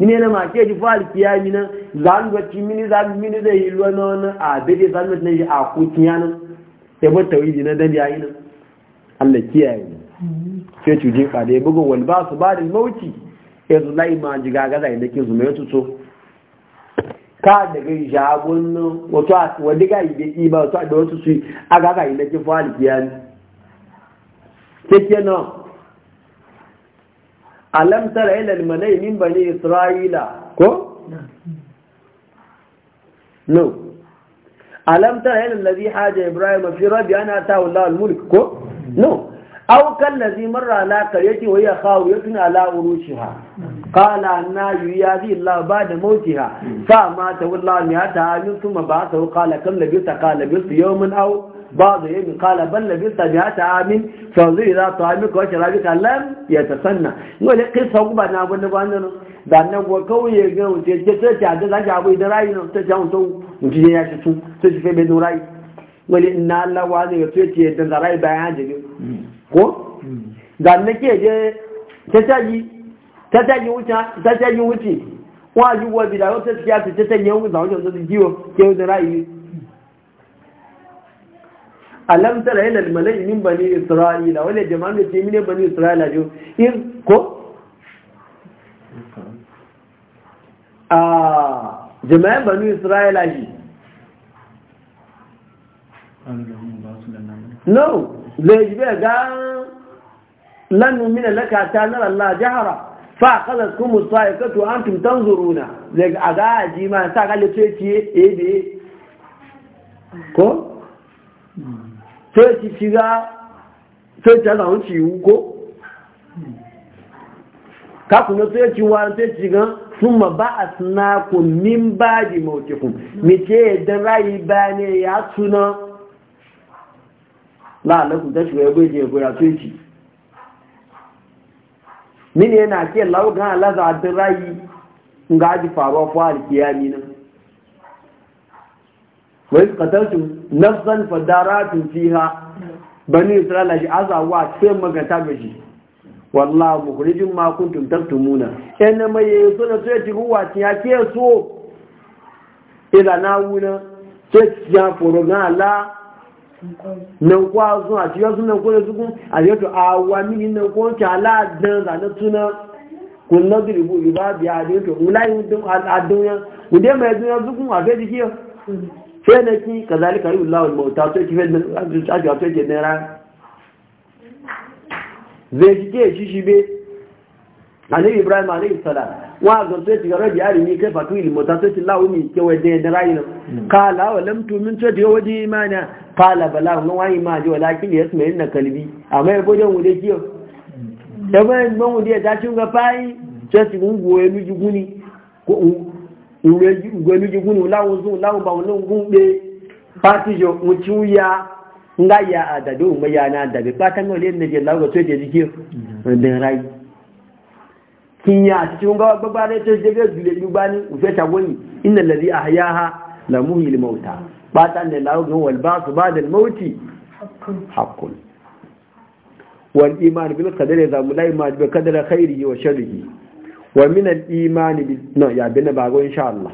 ne na ma ke ji fari kiyami na zanwaci mini zaɓi mini zai yi ruwa na wani abin zanwaci na yi a kukin ya yabo tawidi na dan yayi nan Allah kiyaye ne ke cuje ka da ya bugun wani ba su ba da mawuci ya layi ma jiga gaza inda ke zuma ya tuto ka da gai shagun wato a, wadiga yi da ba, wato a da wasu su a gaga inda ke fali keke nan alamtar ilal manai min bane isra'ila ko? no alamtar ilal lazi hajji ibrahim fi rabi ana ta wula al-mulk ko? no aukan lazi marra na karyaki wai ya kawo ya tuna la'uru shi ha kala na yi ya zai laba da mauti ha fa mata wula mai hata hannun su ma ba ta kala kan labi ta kala bisu yau mun au بعض يمين قال بل لبست مئات عام فانظري اذا طعامك وشرى بك لم يتسنى يقول قصه وقبا نابو النبو عندنا da nan kuwa kawai ya gina wuce ce ce ce ce zaki abu idan rayu na ta jawon tau wuce ya ce su ta ce fai bai rayu wani ina Allah wa zai wuce ce yadda rayu da nan ke je ta taji ta taji wuce wa ji wa bidawa ta fiya ta ta tanye wuce da wajen zai jiwo ke wuce rayu alam tara ila malai min bani isra'ila wala jama'an da ce min bani isra'ila jo in ko a ah, jama'an bani isra'ila shi no zai ji bai ga lanu min laka ta nar Allah jahara fa kalas kuma sa'ikatu antum tanzuruna zai a ga ajima sa kalle ce ciye ebe eh, eh. ko sai ki shiga sai ki na ci ko ka kuma sai ki wa sai ki ga ba asnakum min ba'di mautikum mi ce ya tuna la la ku da shiga bai je gura sai ki min wai qataltu nafsan fadaratu fiha bani isra'ila ji azawa sai maganta gaji wallahu mukhrijum ma kuntum taktumuna ene mai so na sai ci ruwa ci ya ke so ila na wuna sai ci ya foro na ala nan kwa zo a ci yasu nan ko da zugun a yato awa mini nan ko ci ala dan za na tuna kun na diribu ibadi a ne to mulayin dun a duniya mu dai mai duniya zugun a fe dikiyo sai na ki ka yi ulawar mauta to ki fedin ajiyar to ke nera zai ki ke shi shi be anabi ibrahim alayhi salam wa ga to ti garo yari ari ni ke fatu il mota to ti lawo mi ke wede da rayin kala wa lam min to di wadi imana kala bala no wa ima ji walakin yasma na kalbi amma e bojan wude kiyo da ban wude da cin ga fayi ce ti gungu e lu juguni gwemijigun láwọn zun láwọn bá wọn ló ń gún pé pàtí yọ ohun tí ó ya ńlá ya àdàdé òun mẹ́ya ní àdàbí pátá náà lè nẹjẹ láwọn tó jẹ jíjẹ ọ̀dẹ̀ mm-hmm. ráyì kìnyà àti ohun gbọ́gbọ́ bá rẹ̀ tó jẹ́ gẹ̀ẹ́gùlẹ̀ yúgbá ní òfẹ́ tàwọ́nì iná lẹ́rí àyá ha làmú ìlú mọ́ta pátá ní láwọn wọ̀l bá su bada dẹ̀ hakun wọ́n iman bil kadar ya zamu la iman bil kadar khairihi wa sharrihi wa min al-imani bi no ya bi bago insha Allah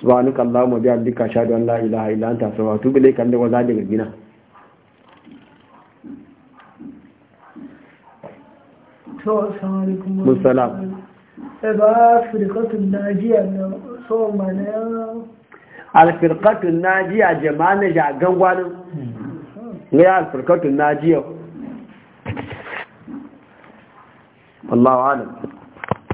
subhanaka allahumma bi alika ashhadu an la ilaha illa anta astaghfiruka wa atubu ilayka inda gina to assalamu alaikum musallam e ba firqatu najiya so mana al firqatu najiya jama'a ne ga gangwanin hmm. ga al firqatu najiya الله أعلم